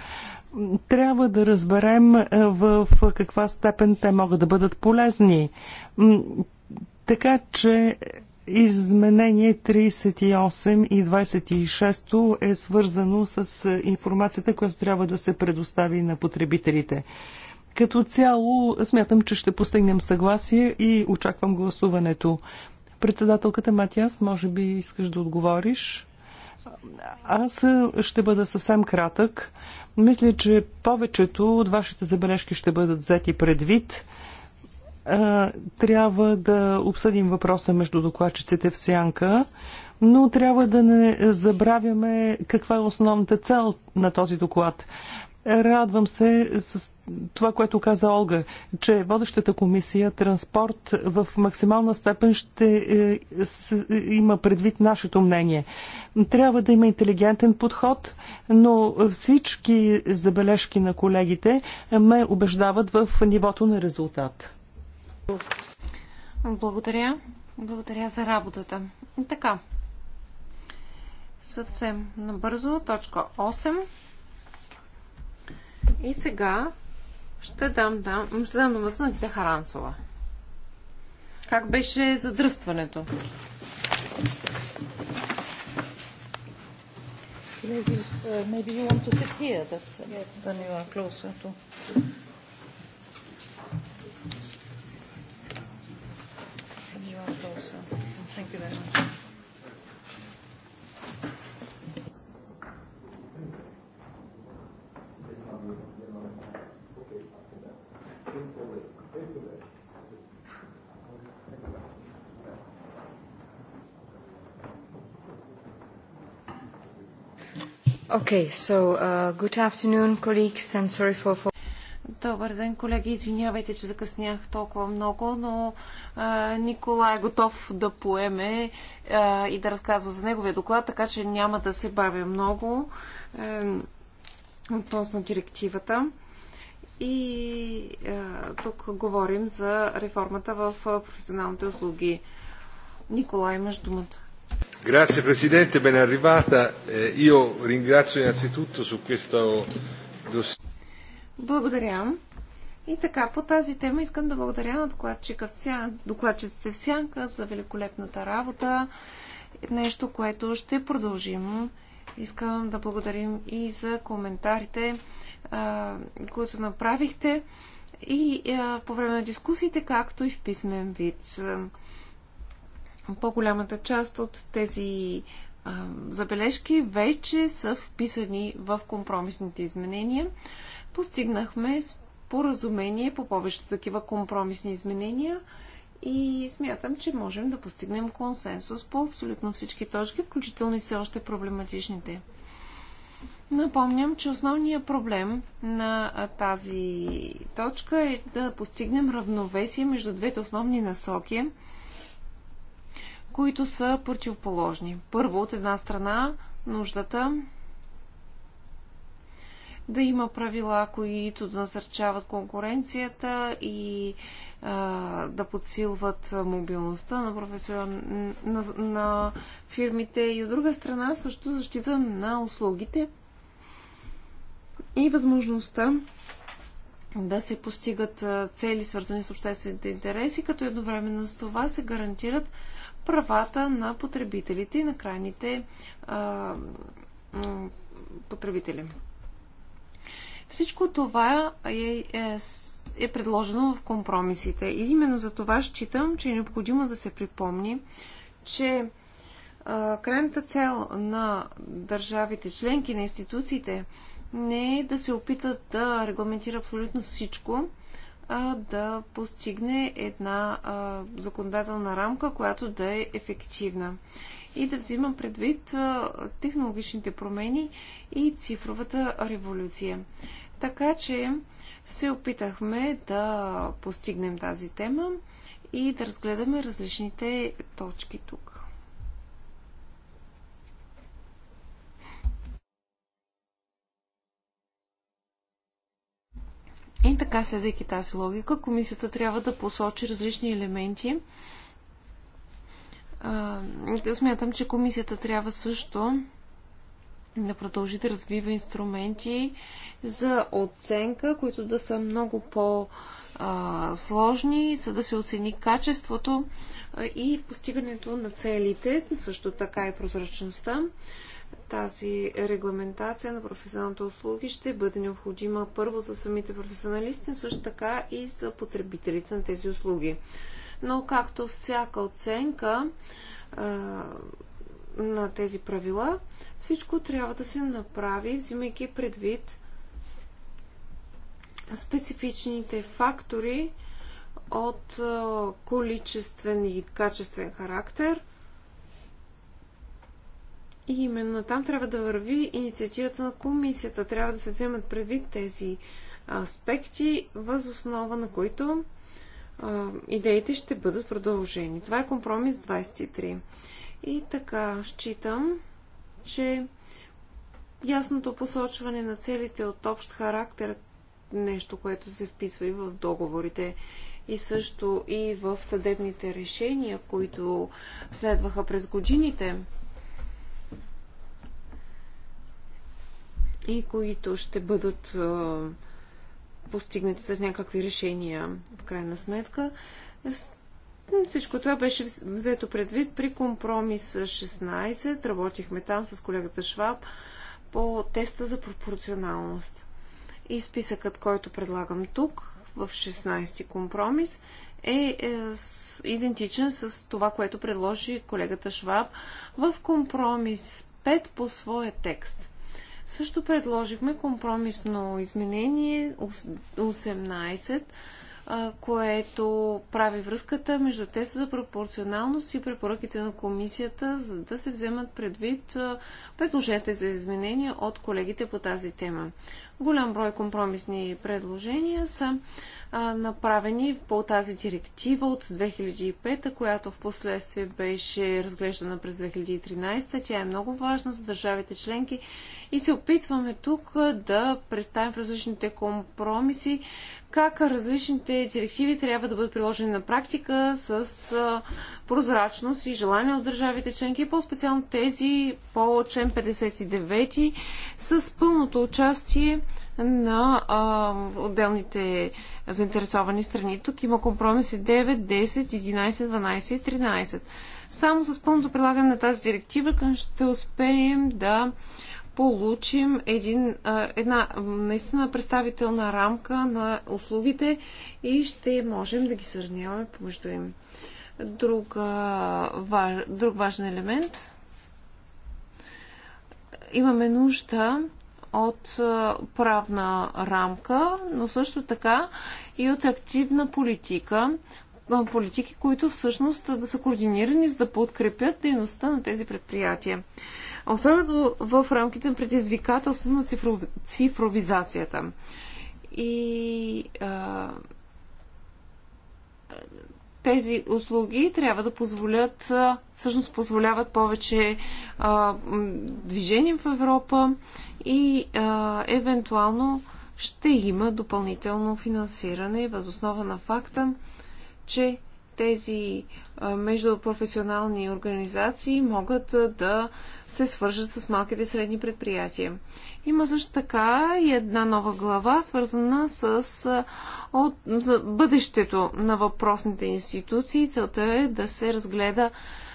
трябва да разберем е, в каква степен те могат да бъдат полезни. Така че Изменение 38 и 26 е свързано с информацията, която трябва да се предостави на потребителите. Като цяло смятам, че ще постигнем съгласие и очаквам гласуването. Председателката Матиас, може би искаш да отговориш? Аз ще бъда съвсем кратък. Мисля, че повечето от вашите забележки ще бъдат взети предвид трябва да обсъдим въпроса между докладчиците в сянка, но трябва да не забравяме каква е основната цел на този доклад. Радвам се с това, което каза Олга, че водещата комисия транспорт в максимална степен ще е, с, има предвид нашето мнение. Трябва да има интелигентен подход, но всички забележки на колегите ме убеждават в нивото на резултат. Благодаря. Благодаря за работата. така. Съвсем набързо. Точка 8. И сега ще дам, дам, ще дам думата на Дита Харанцова. Как беше задръстването? Maybe, uh, maybe you want to sit here. That's, uh, yes. Then you are closer to. Thank you very much. Okay, so uh, good afternoon, colleagues. and sorry for, for Добър ден, колеги. Извинявайте, че закъснях толкова много, но а, Николай е готов да поеме а, и да разказва за неговия доклад, така че няма да се бавя много а, относно директивата. И а, тук говорим за реформата в професионалните услуги. Николай, имаш думата. Grazie Presidente, ben arrivata. Eh, io ringrazio innanzitutto su questo dossier. Благодаря. И така, по тази тема искам да благодаря на докладчика в сянка, докладчиците в сянка за великолепната работа. Нещо, което ще продължим. Искам да благодарим и за коментарите, които направихте и по време на дискусиите, както и в писмен вид. По-голямата част от тези забележки вече са вписани в компромисните изменения постигнахме споразумение по повечето такива компромисни изменения и смятам, че можем да постигнем консенсус по абсолютно всички точки, включително и все още проблематичните. Напомням, че основният проблем на тази точка е да постигнем равновесие между двете основни насоки, които са противоположни. Първо, от една страна, нуждата да има правила, които да насърчават конкуренцията и а, да подсилват мобилността на, професион... на, на фирмите и от друга страна също защита на услугите и възможността да се постигат цели, свързани с обществените интереси, като едновременно с това се гарантират правата на потребителите и на крайните а, потребители. Всичко това е, е, е предложено в компромисите. И именно за това считам, че е необходимо да се припомни, че е, крайната цел на държавите членки, на институциите, не е да се опитат да регламентира абсолютно всичко, а да постигне една а, законодателна рамка, която да е ефективна и да взима предвид технологичните промени и цифровата революция. Така че се опитахме да постигнем тази тема и да разгледаме различните точки тук. И така, следвайки тази логика, комисията трябва да посочи различни елементи. А, смятам, че комисията трябва също да продължи да развива инструменти за оценка, които да са много по-сложни, за да се оцени качеството и постигането на целите, също така и прозрачността. Тази регламентация на професионалните услуги ще бъде необходима първо за самите професионалисти, но също така и за потребителите на тези услуги. Но както всяка оценка, на тези правила, всичко трябва да се направи, взимайки предвид специфичните фактори от количествен и качествен характер. И именно там трябва да върви инициативата на комисията. Трябва да се вземат предвид тези аспекти, възоснова на които идеите ще бъдат продължени. Това е компромис 23. И така, считам, че ясното посочване на целите от общ характер е нещо, което се вписва и в договорите и също и в съдебните решения, които следваха през годините и които ще бъдат постигнати с някакви решения в крайна сметка, всичко това беше взето предвид при компромис 16. Работихме там с колегата Шваб по теста за пропорционалност. И списъкът, който предлагам тук, в 16 компромис, е, е с, идентичен с това, което предложи колегата Шваб в компромис 5 по своя текст. Също предложихме компромисно изменение 18 което прави връзката между теста за пропорционалност и препоръките на комисията, за да се вземат предвид предложенията за изменения от колегите по тази тема. Голям брой компромисни предложения са направени по тази директива от 2005, която в последствие беше разглеждана през 2013. Тя е много важна за държавите членки и се опитваме тук да представим в различните компромиси как различните директиви трябва да бъдат приложени на практика с прозрачност и желание от държавите членки, и по-специално тези по член 59 с пълното участие на а, отделните заинтересовани страни. Тук има компромиси 9, 10, 11, 12 и 13. Само с пълното прилагане на тази директива ще успеем да получим един, една наистина представителна рамка на услугите и ще можем да ги сравняваме помежду им. Друг, друг важен елемент. Имаме нужда от е, правна рамка, но също така и от активна политика, е, политики, които всъщност да са координирани, за да подкрепят дейността на тези предприятия. Особено в рамките на предизвикателство на цифровизацията. И а, е, тези услуги трябва да позволят, всъщност позволяват повече а, движение в Европа и а, евентуално ще има допълнително финансиране възоснова на факта, че тези междупрофесионални организации могат да се свържат с малките и средни предприятия. Има също така и една нова глава, свързана с от, за бъдещето на въпросните институции. Целта е да се разгледа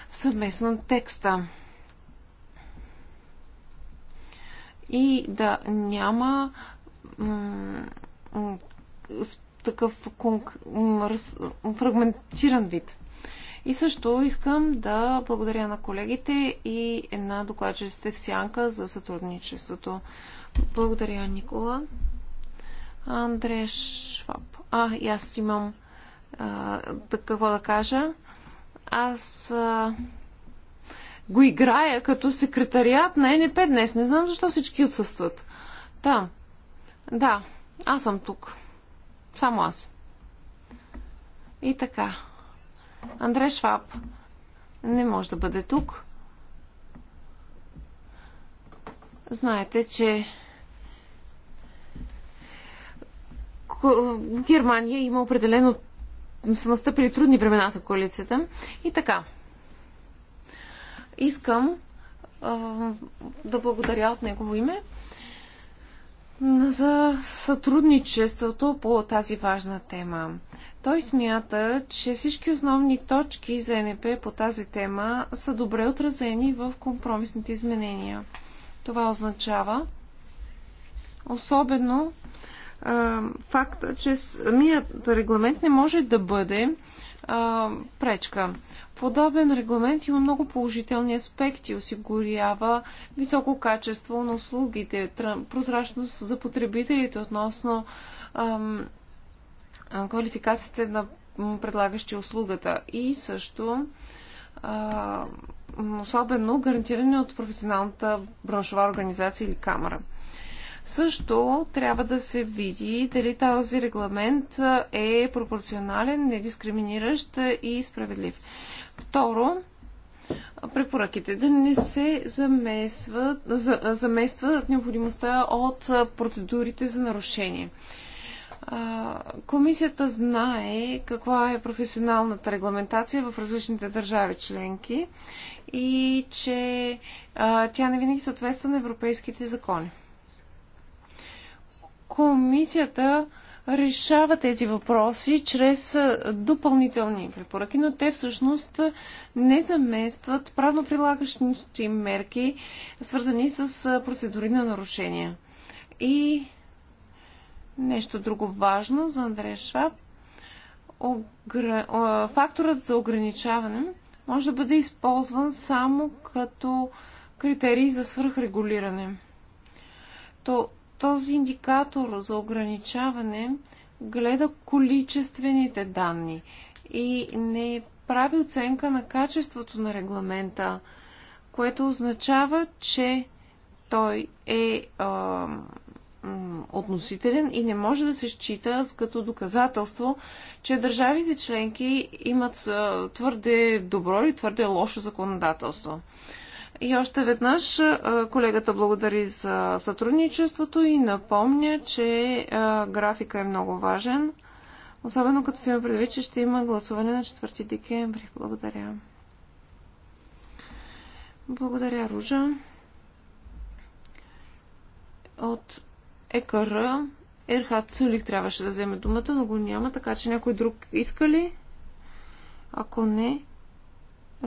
съвместно текста. и да няма такъв фрагментиран вид. И също искам да благодаря на колегите и една докладчица в Сянка за сътрудничеството. Благодаря, Никола. Андреш. Шваб. А, и аз имам а, да, какво да кажа. Аз а, го играя като секретариат на НП днес. Не знам защо всички отсъстват. Да. Да. Аз съм тук. Само аз. И така. Андре Шваб не може да бъде тук. Знаете, че Германия има определено са настъпили трудни времена за коалицията. И така искам да благодаря от негово име за сътрудничеството по тази важна тема. Той смята, че всички основни точки за НП по тази тема са добре отразени в компромисните изменения. Това означава особено а, факта, че самият регламент не може да бъде а, пречка. Подобен регламент има много положителни аспекти. Осигурява високо качество на услугите, прозрачност за потребителите относно ам, квалификациите на предлагащи услугата и също ам, особено гарантиране от професионалната браншова организация или камера. Също трябва да се види дали този регламент е пропорционален, недискриминиращ и справедлив. Второ, препоръките да не се замесват, за, заместват необходимостта от процедурите за нарушение. Комисията знае каква е професионалната регламентация в различните държави членки и че а, тя не винаги съответства на европейските закони. Комисията а, решава тези въпроси чрез допълнителни препоръки, но те всъщност не заместват правно прилагащи мерки, свързани с процедури на нарушения. И нещо друго важно за Андрея Шваб. Факторът за ограничаване може да бъде използван само като критерий за свръхрегулиране. То този индикатор за ограничаване гледа количествените данни и не прави оценка на качеството на регламента, което означава, че той е а, относителен и не може да се счита като доказателство, че държавите членки имат твърде добро или твърде лошо законодателство. И още веднъж колегата благодари за сътрудничеството и напомня, че графика е много важен, особено като си има предвид, че ще има гласуване на 4 декември. Благодаря. Благодаря, Ружа. От ЕКР Ерхат Цулик трябваше да вземе думата, но го няма, така че някой друг иска ли? Ако не,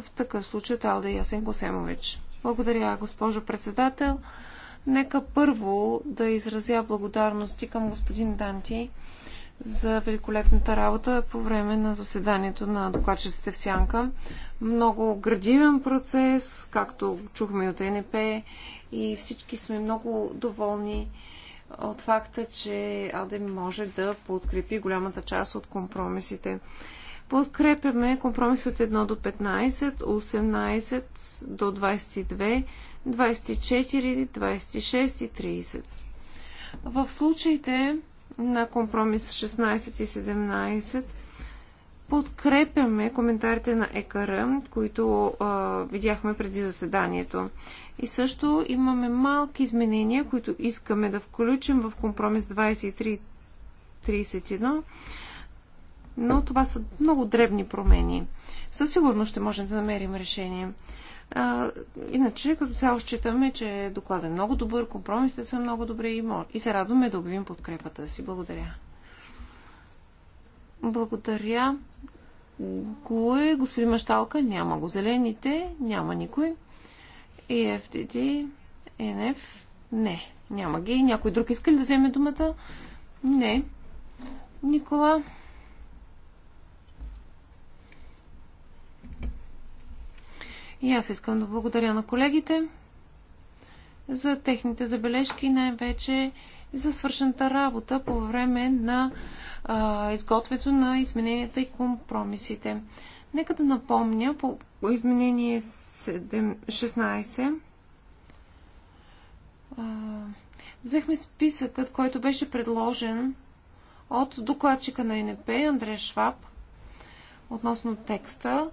в такъв случай от Алда Ясен Госемович. Благодаря, госпожо председател. Нека първо да изразя благодарности към господин Данти за великолепната работа по време на заседанието на докладчиците в Сянка. Много градивен процес, както чухме от НП и всички сме много доволни от факта, че Алдем може да подкрепи голямата част от компромисите. Подкрепяме компромис от 1 до 15, 18 до 22, 24, 26 и 30. В случаите на компромис 16 и 17 подкрепяме коментарите на ЕКР, които а, видяхме преди заседанието. И също имаме малки изменения, които искаме да включим в компромис 23 31 но това са много дребни промени. Със сигурност ще можем да намерим решение. А, иначе, като цяло считаме, че докладът е много добър, компромисите са много добри и, мож... и се радваме да обявим подкрепата си. Благодаря. Благодаря. Кой? Господин Машталка? Няма го. Зелените? Няма никой. И FDD? НФ? Не. Няма ги. Някой друг иска ли да вземе думата? Не. Никола? И аз искам да благодаря на колегите за техните забележки, най-вече за свършената работа по време на а, изготвянето на измененията и компромисите. Нека да напомня по изменение 16. А, взехме списъкът, който беше предложен от докладчика на НП Андрея Шваб относно текста.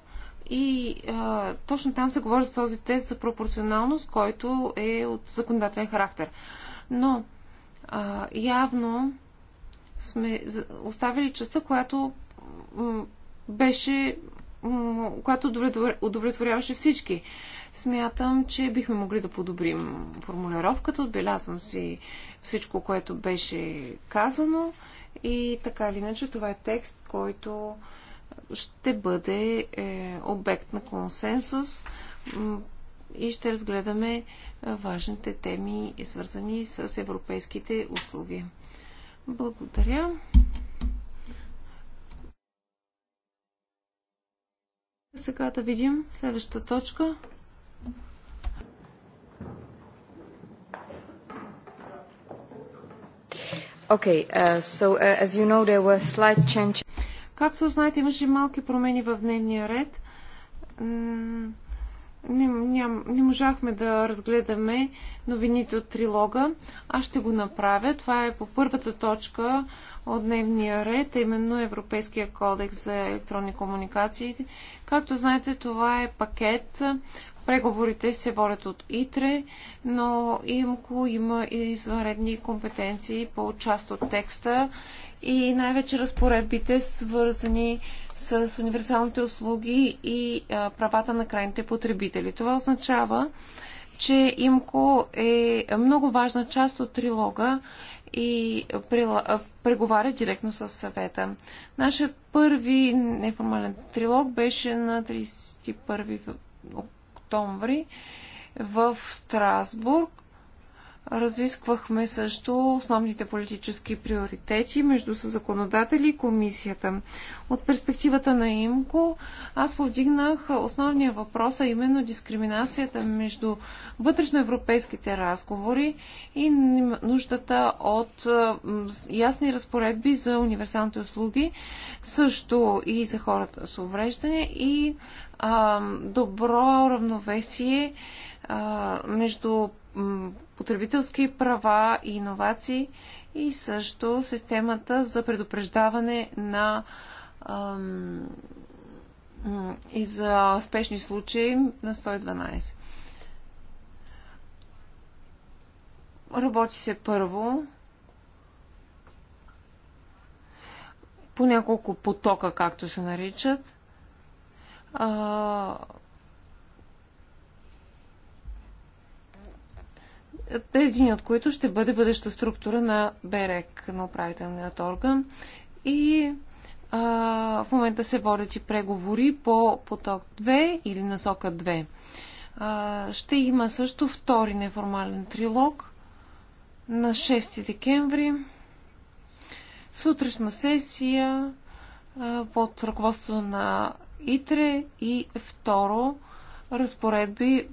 И а, точно там се говори за този тест за пропорционалност, който е от законодателен характер. Но а, явно сме оставили частта, която беше, която удовлетворяваше всички. Смятам, че бихме могли да подобрим формулировката. Отбелязвам си всичко, което беше казано. И така или иначе, това е текст, който ще бъде е, обект на консенсус и ще разгледаме е, важните теми, свързани с европейските услуги. Благодаря. Сега да видим следващата точка. Okay, uh, so uh, as you know, there were slight changes. Както знаете, имаше малки промени в дневния ред. Не, ням, не можахме да разгледаме новините от трилога. Аз ще го направя. Това е по първата точка от дневния ред, именно Европейския кодекс за електронни комуникации. Както знаете, това е пакет. Преговорите се водят от ИТРЕ, но ИМКО има и извънредни компетенции по част от текста и най-вече разпоредбите, свързани с универсалните услуги и а, правата на крайните потребители. Това означава, че ИМКО е много важна част от трилога и преговаря директно с съвета. Нашият първи неформален трилог беше на 31 октомври в Страсбург Разисквахме също основните политически приоритети между законодатели и комисията. От перспективата на ИМКО аз повдигнах основния въпрос, а именно дискриминацията между вътрешноевропейските разговори и нуждата от ясни разпоредби за универсалните услуги, също и за хората с увреждане и добро равновесие между потребителски права и иновации и също системата за предупреждаване на ам, и за спешни случаи на 112. Работи се първо по няколко потока, както се наричат. А, един от които ще бъде бъдеща структура на БЕРЕК, на управителният орган. И а, в момента се водят и преговори по поток 2 или насока 2. А, ще има също втори неформален трилог на 6 декември. Сутрешна сесия а, под ръководството на ИТРЕ и второ разпоредби,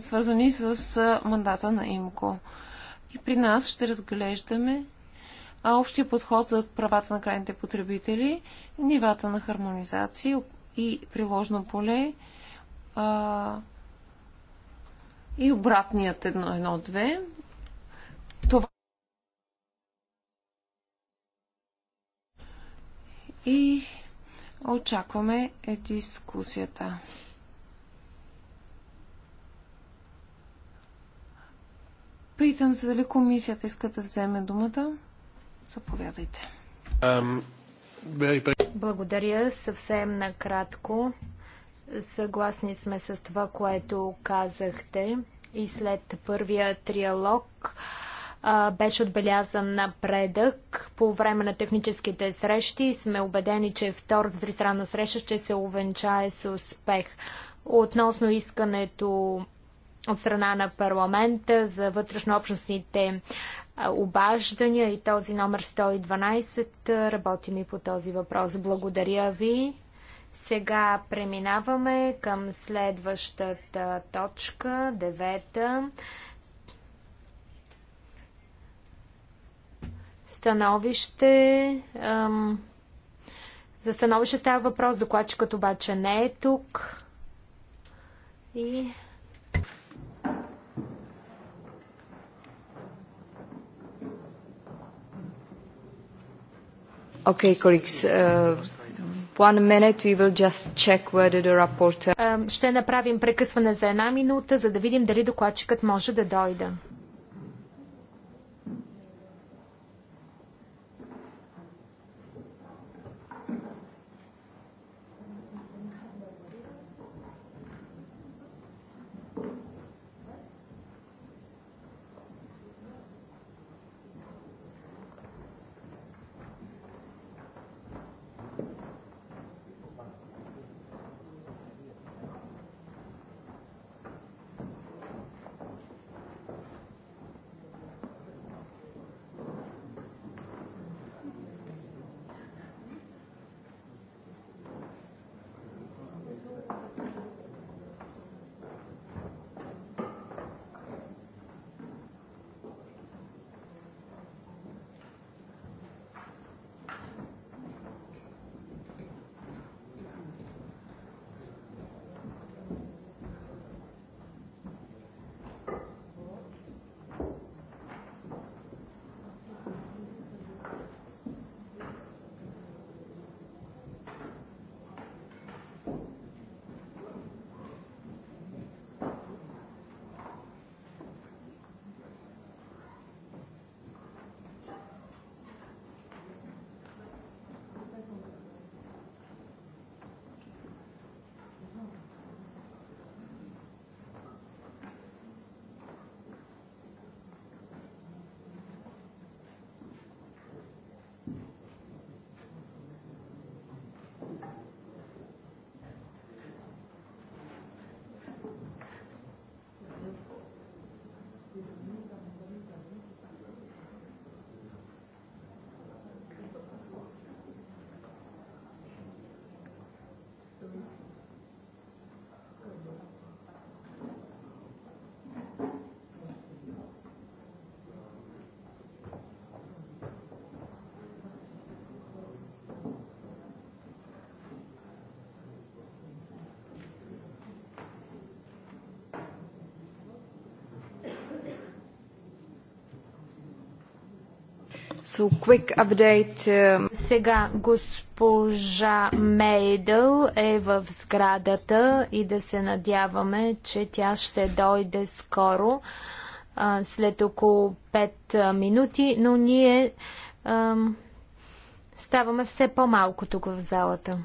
свързани с мандата на ИМКО. И при нас ще разглеждаме общия подход за правата на крайните потребители, нивата на хармонизация и приложно поле а, и обратният едно, едно, две. Това и очакваме е дискусията. Питам се дали комисията иска да вземе думата. Заповядайте. Благодаря съвсем накратко. Съгласни сме с това, което казахте. И след първия триалог а, беше отбелязан напредък. По време на техническите срещи сме убедени, че втората тристранна среща ще се увенчае с успех. Относно искането от страна на парламента за вътрешнообщностните обаждания и този номер 112. Работим и по този въпрос. Благодаря ви. Сега преминаваме към следващата точка, девета. Становище. За становище става въпрос, докладчикът обаче не е тук. И Okay, colleagues, uh, one minute we will just check whether the reporter... Ще направим прекъсване за една минута, за да видим дали докладчикът може да дойде. So quick update. Um, Сега госпожа Мейдъл е в сградата и да се надяваме, че тя ще дойде скоро, след около 5 минути, но ние ставаме все по-малко тук в залата.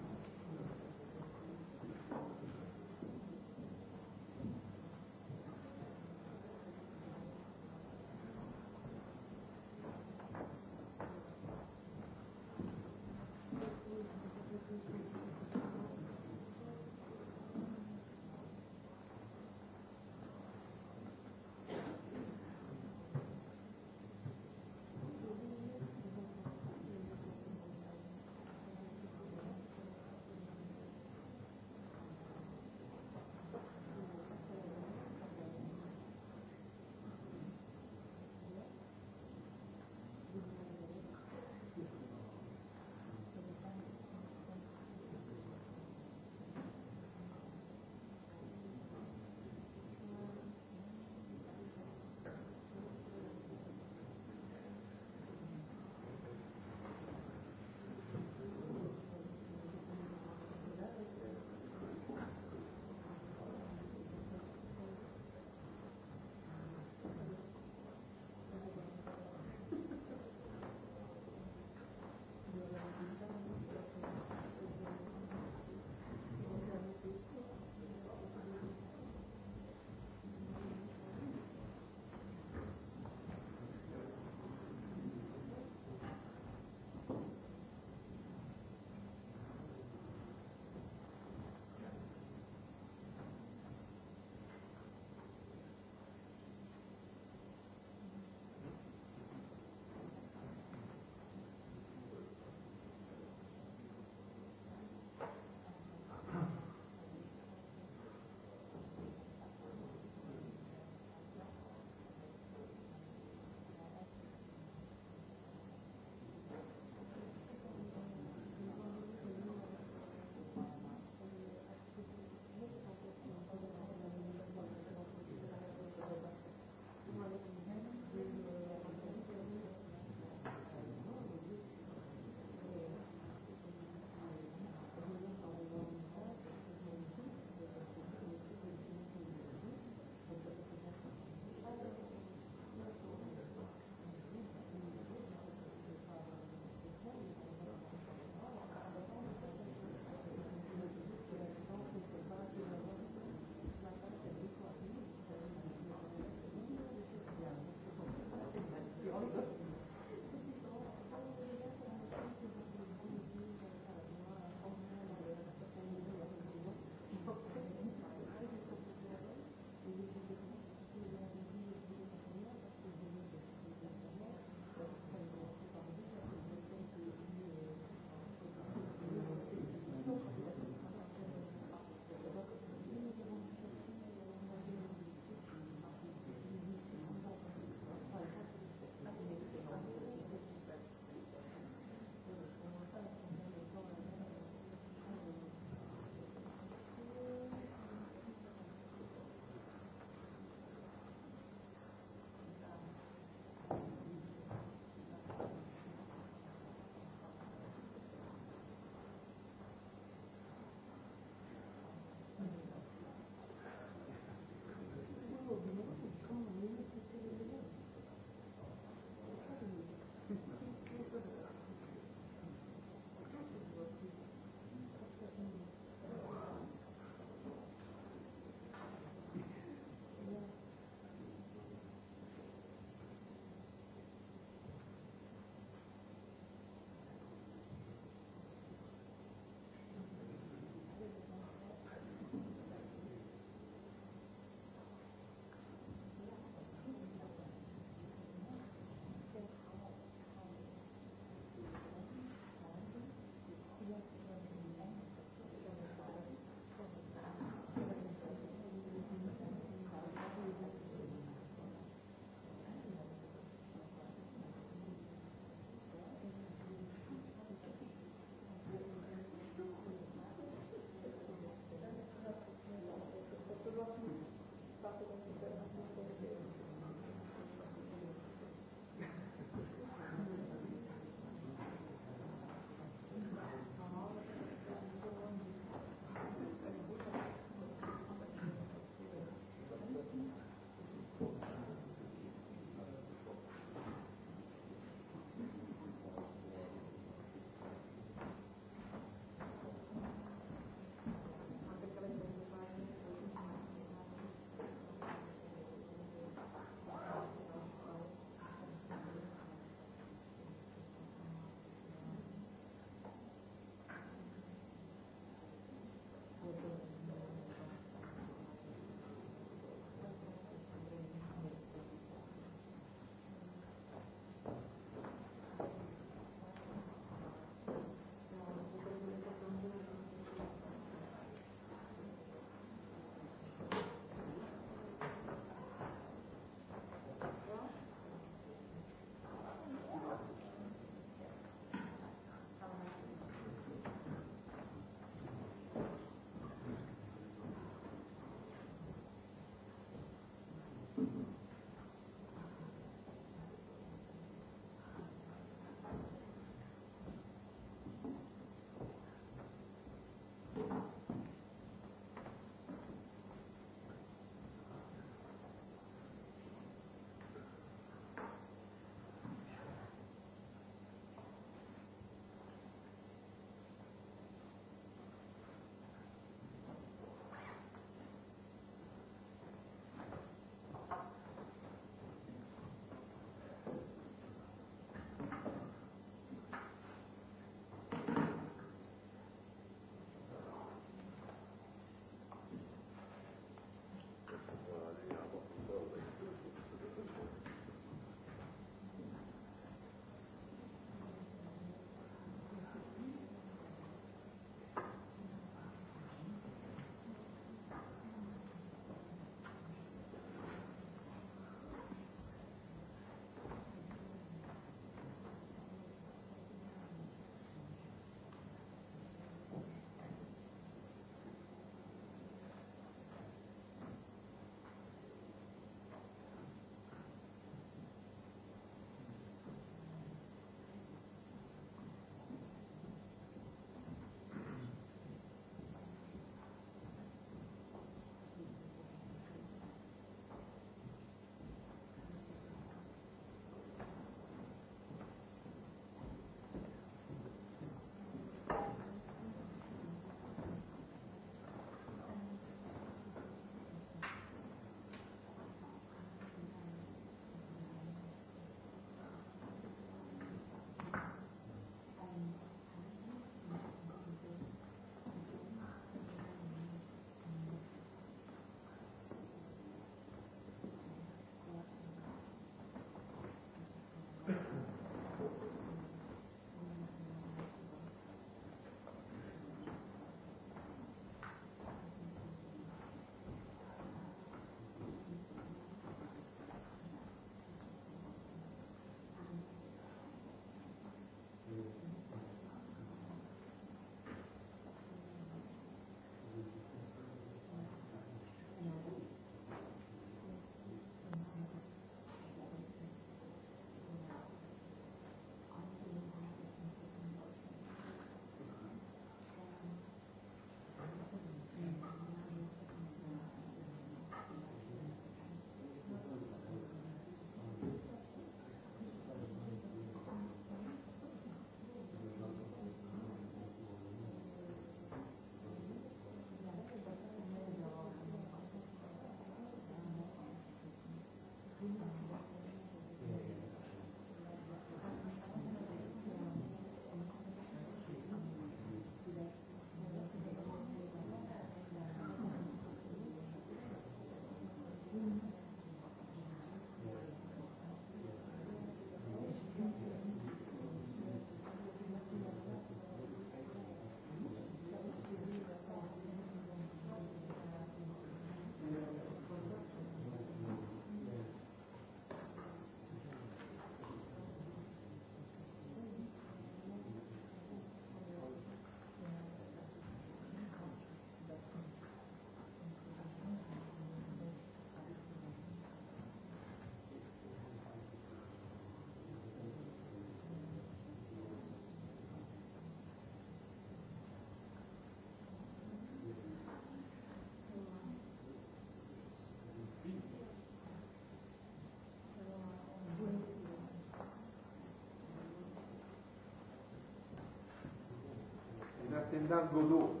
in that Godu.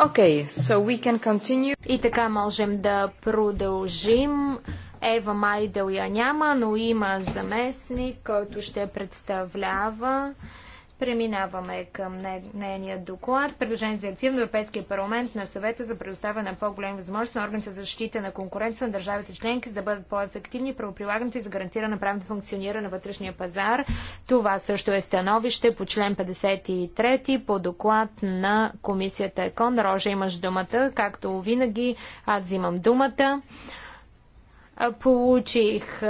Okay, so we can continue. И така можем да продължим. Ева Майдел я няма, но има заместник, който ще представлява. Преминаваме към нейния доклад. Предложение за директива на Европейския парламент на съвета за предоставяне на по-големи възможности на органите за защита на конкуренция на държавите членки, за да бъдат по-ефективни, правоприлагането и за гарантиране правилното функциониране на вътрешния пазар. Това също е становище по член 53 по доклад на комисията ЕКОН. Рожа, имаш думата. Както винаги, аз взимам думата. Получих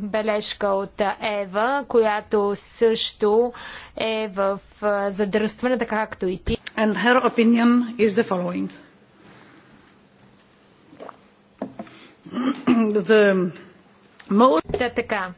бележка от Ева, която също е в задръстване, така както и ти. And her opinion is the following. the... most... Да, така.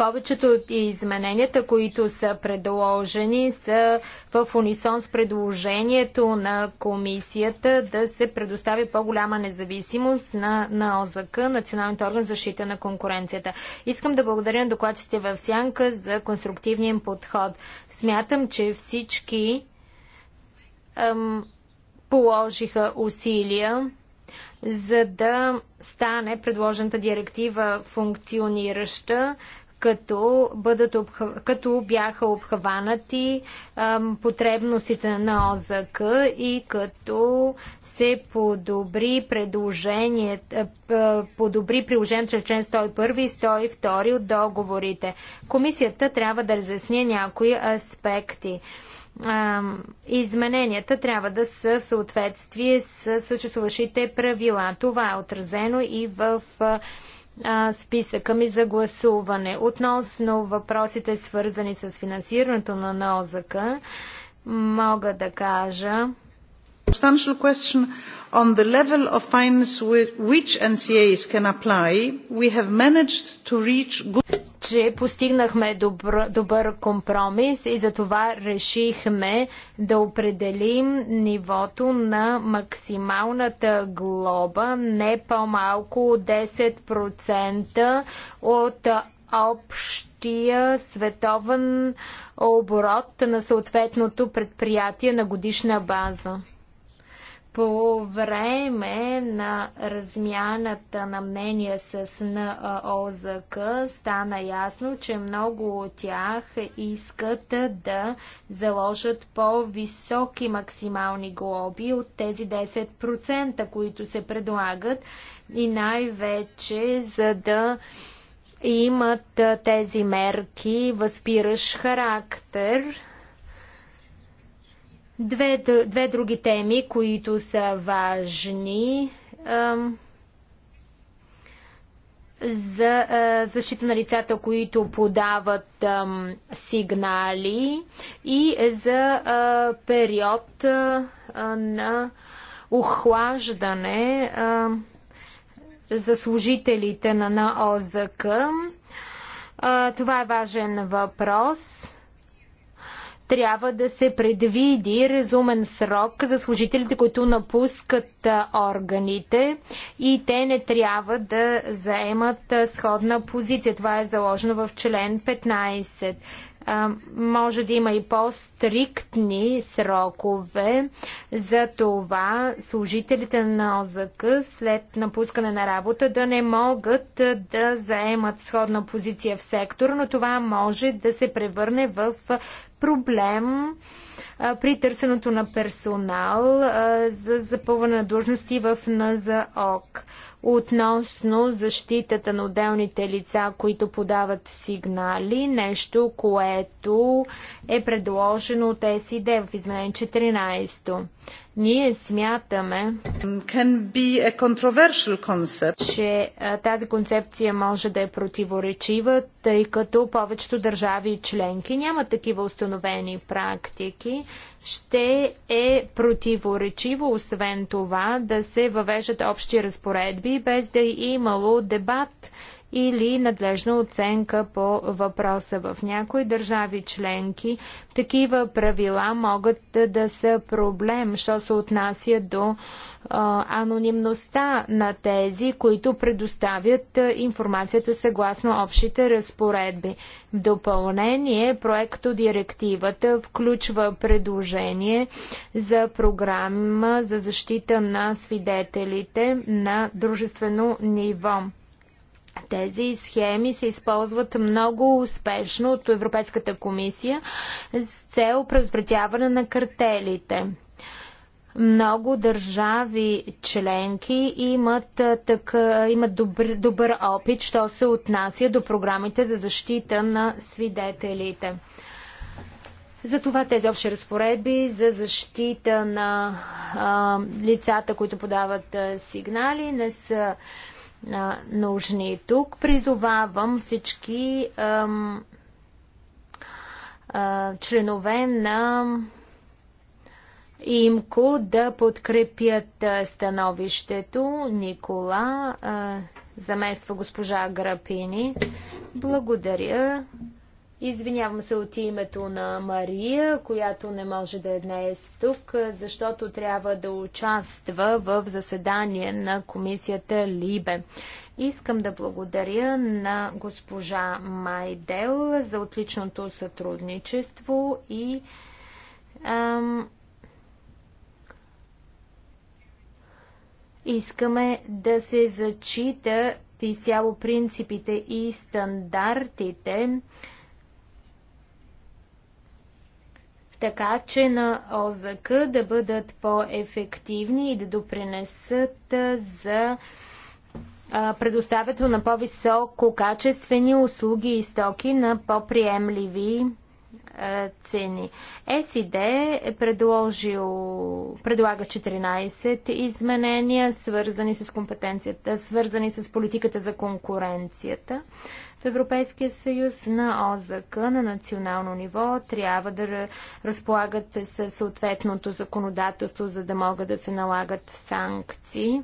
Повечето от измененията, които са предложени, са в унисон с предложението на комисията да се предостави по-голяма независимост на, на ОЗК, Националният орган за защита на конкуренцията. Искам да благодаря на докладчите в Сянка за конструктивния подход. Смятам, че всички ем, положиха усилия за да стане предложената директива функционираща, като, бъдат обхва... като бяха обхванати ам, потребностите на ОЗК и като се подобри предложение, подобри приложението чрез член 101 и 102 от договорите. Комисията трябва да разясни някои аспекти измененията трябва да са в съответствие с съществуващите правила. Това е отразено и в а, списъка ми за гласуване. Относно въпросите, свързани с финансирането на НОЗК, мога да кажа. Substantial question on the level of finance which NCAs can apply, we have managed to reach good че постигнахме добър, добър компромис и затова решихме да определим нивото на максималната глоба не по-малко 10% от общия световен оборот на съответното предприятие на годишна база. По време на размяната на мнения с НОЗК стана ясно, че много от тях искат да заложат по-високи максимални глоби от тези 10%, които се предлагат и най-вече за да имат тези мерки възпиращ характер Две, две други теми, които са важни за защита на лицата, които подават ам, сигнали и за а, период а, на охлаждане а, за служителите на НОЗК. това е важен въпрос трябва да се предвиди разумен срок за служителите, които напускат органите и те не трябва да заемат сходна позиция. Това е заложено в член 15. Може да има и по-стриктни срокове за това служителите на ОЗК след напускане на работа да не могат да заемат сходна позиция в сектор, но това може да се превърне в проблем а, при търсенето на персонал а, за запълване на длъжности в НЗОК относно защитата на отделните лица, които подават сигнали, нещо, което е предложено от СИД в изменение 14. Ние смятаме, че тази концепция може да е противоречива, тъй като повечето държави и членки нямат такива установени практики. Ще е противоречиво, освен това, да се въвеждат общи разпоредби би без да е имало дебат или надлежна оценка по въпроса. В някои държави членки такива правила могат да са проблем, що се отнася до а, анонимността на тези, които предоставят информацията съгласно общите разпоредби. В допълнение, проекто директивата включва предложение за програма за защита на свидетелите на дружествено ниво. Тези схеми се използват много успешно от Европейската комисия с цел предотвратяване на картелите. Много държави членки имат, така, имат добър, добър опит, що се отнася до програмите за защита на свидетелите. Затова тези общи разпоредби за защита на а, лицата, които подават а, сигнали, не са а, нужни. Тук призовавам всички ам, а, членове на ИМКО да подкрепят становището. Никола а, замества госпожа Грапини. Благодаря. Извинявам се от името на Мария, която не може да е днес тук, защото трябва да участва в заседание на комисията Либе. Искам да благодаря на госпожа Майдел за отличното сътрудничество и ам, искаме да се зачита изцяло принципите и стандартите, така че на ОЗК да бъдат по-ефективни и да допринесат за предоставято на по-високо качествени услуги и стоки на по-приемливи цени. СИД е предложил, предлага 14 изменения, свързани с компетенцията, свързани с политиката за конкуренцията в Европейския съюз на ОЗК на национално ниво трябва да разполагат с съответното законодателство, за да могат да се налагат санкции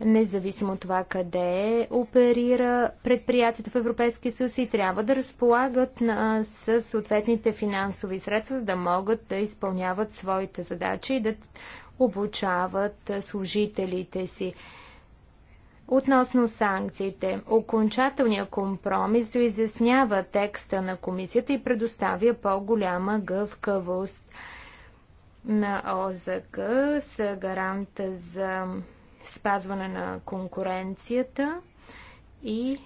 независимо от това къде оперира предприятието в Европейския съюз и трябва да разполагат на, с съответните финансови средства, за да могат да изпълняват своите задачи и да обучават служителите си. Относно санкциите, окончателният компромис доизяснява текста на комисията и предоставя по-голяма гъвкавост на ОЗК с гаранта за спазване на конкуренцията и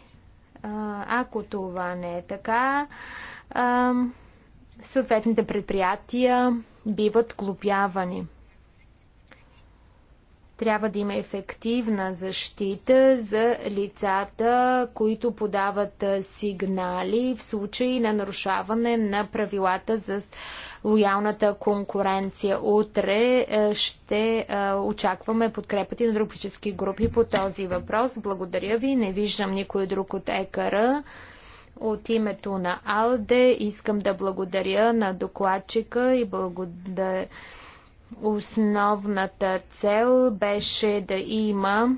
ако това не е така, съответните предприятия биват глупявани. Трябва да има ефективна защита за лицата, които подават сигнали в случай на нарушаване на правилата за лоялната конкуренция. Утре ще очакваме подкрепата на други групи по този въпрос. Благодаря ви. Не виждам никой друг от ЕКР. От името на АЛДЕ искам да благодаря на докладчика и благодаря Основната цел беше да има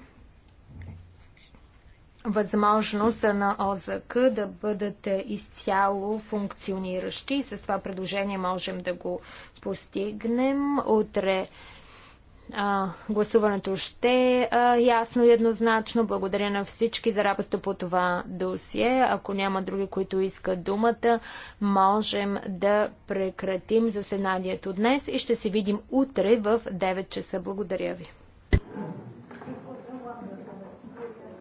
възможност на ОЗК да бъдат изцяло функциониращи. С това предложение можем да го постигнем. Утре а, гласуването ще е ясно и еднозначно. Благодаря на всички за работа по това досие. Ако няма други, които искат думата, можем да прекратим заседанието днес и ще се видим утре в 9 часа. Благодаря ви.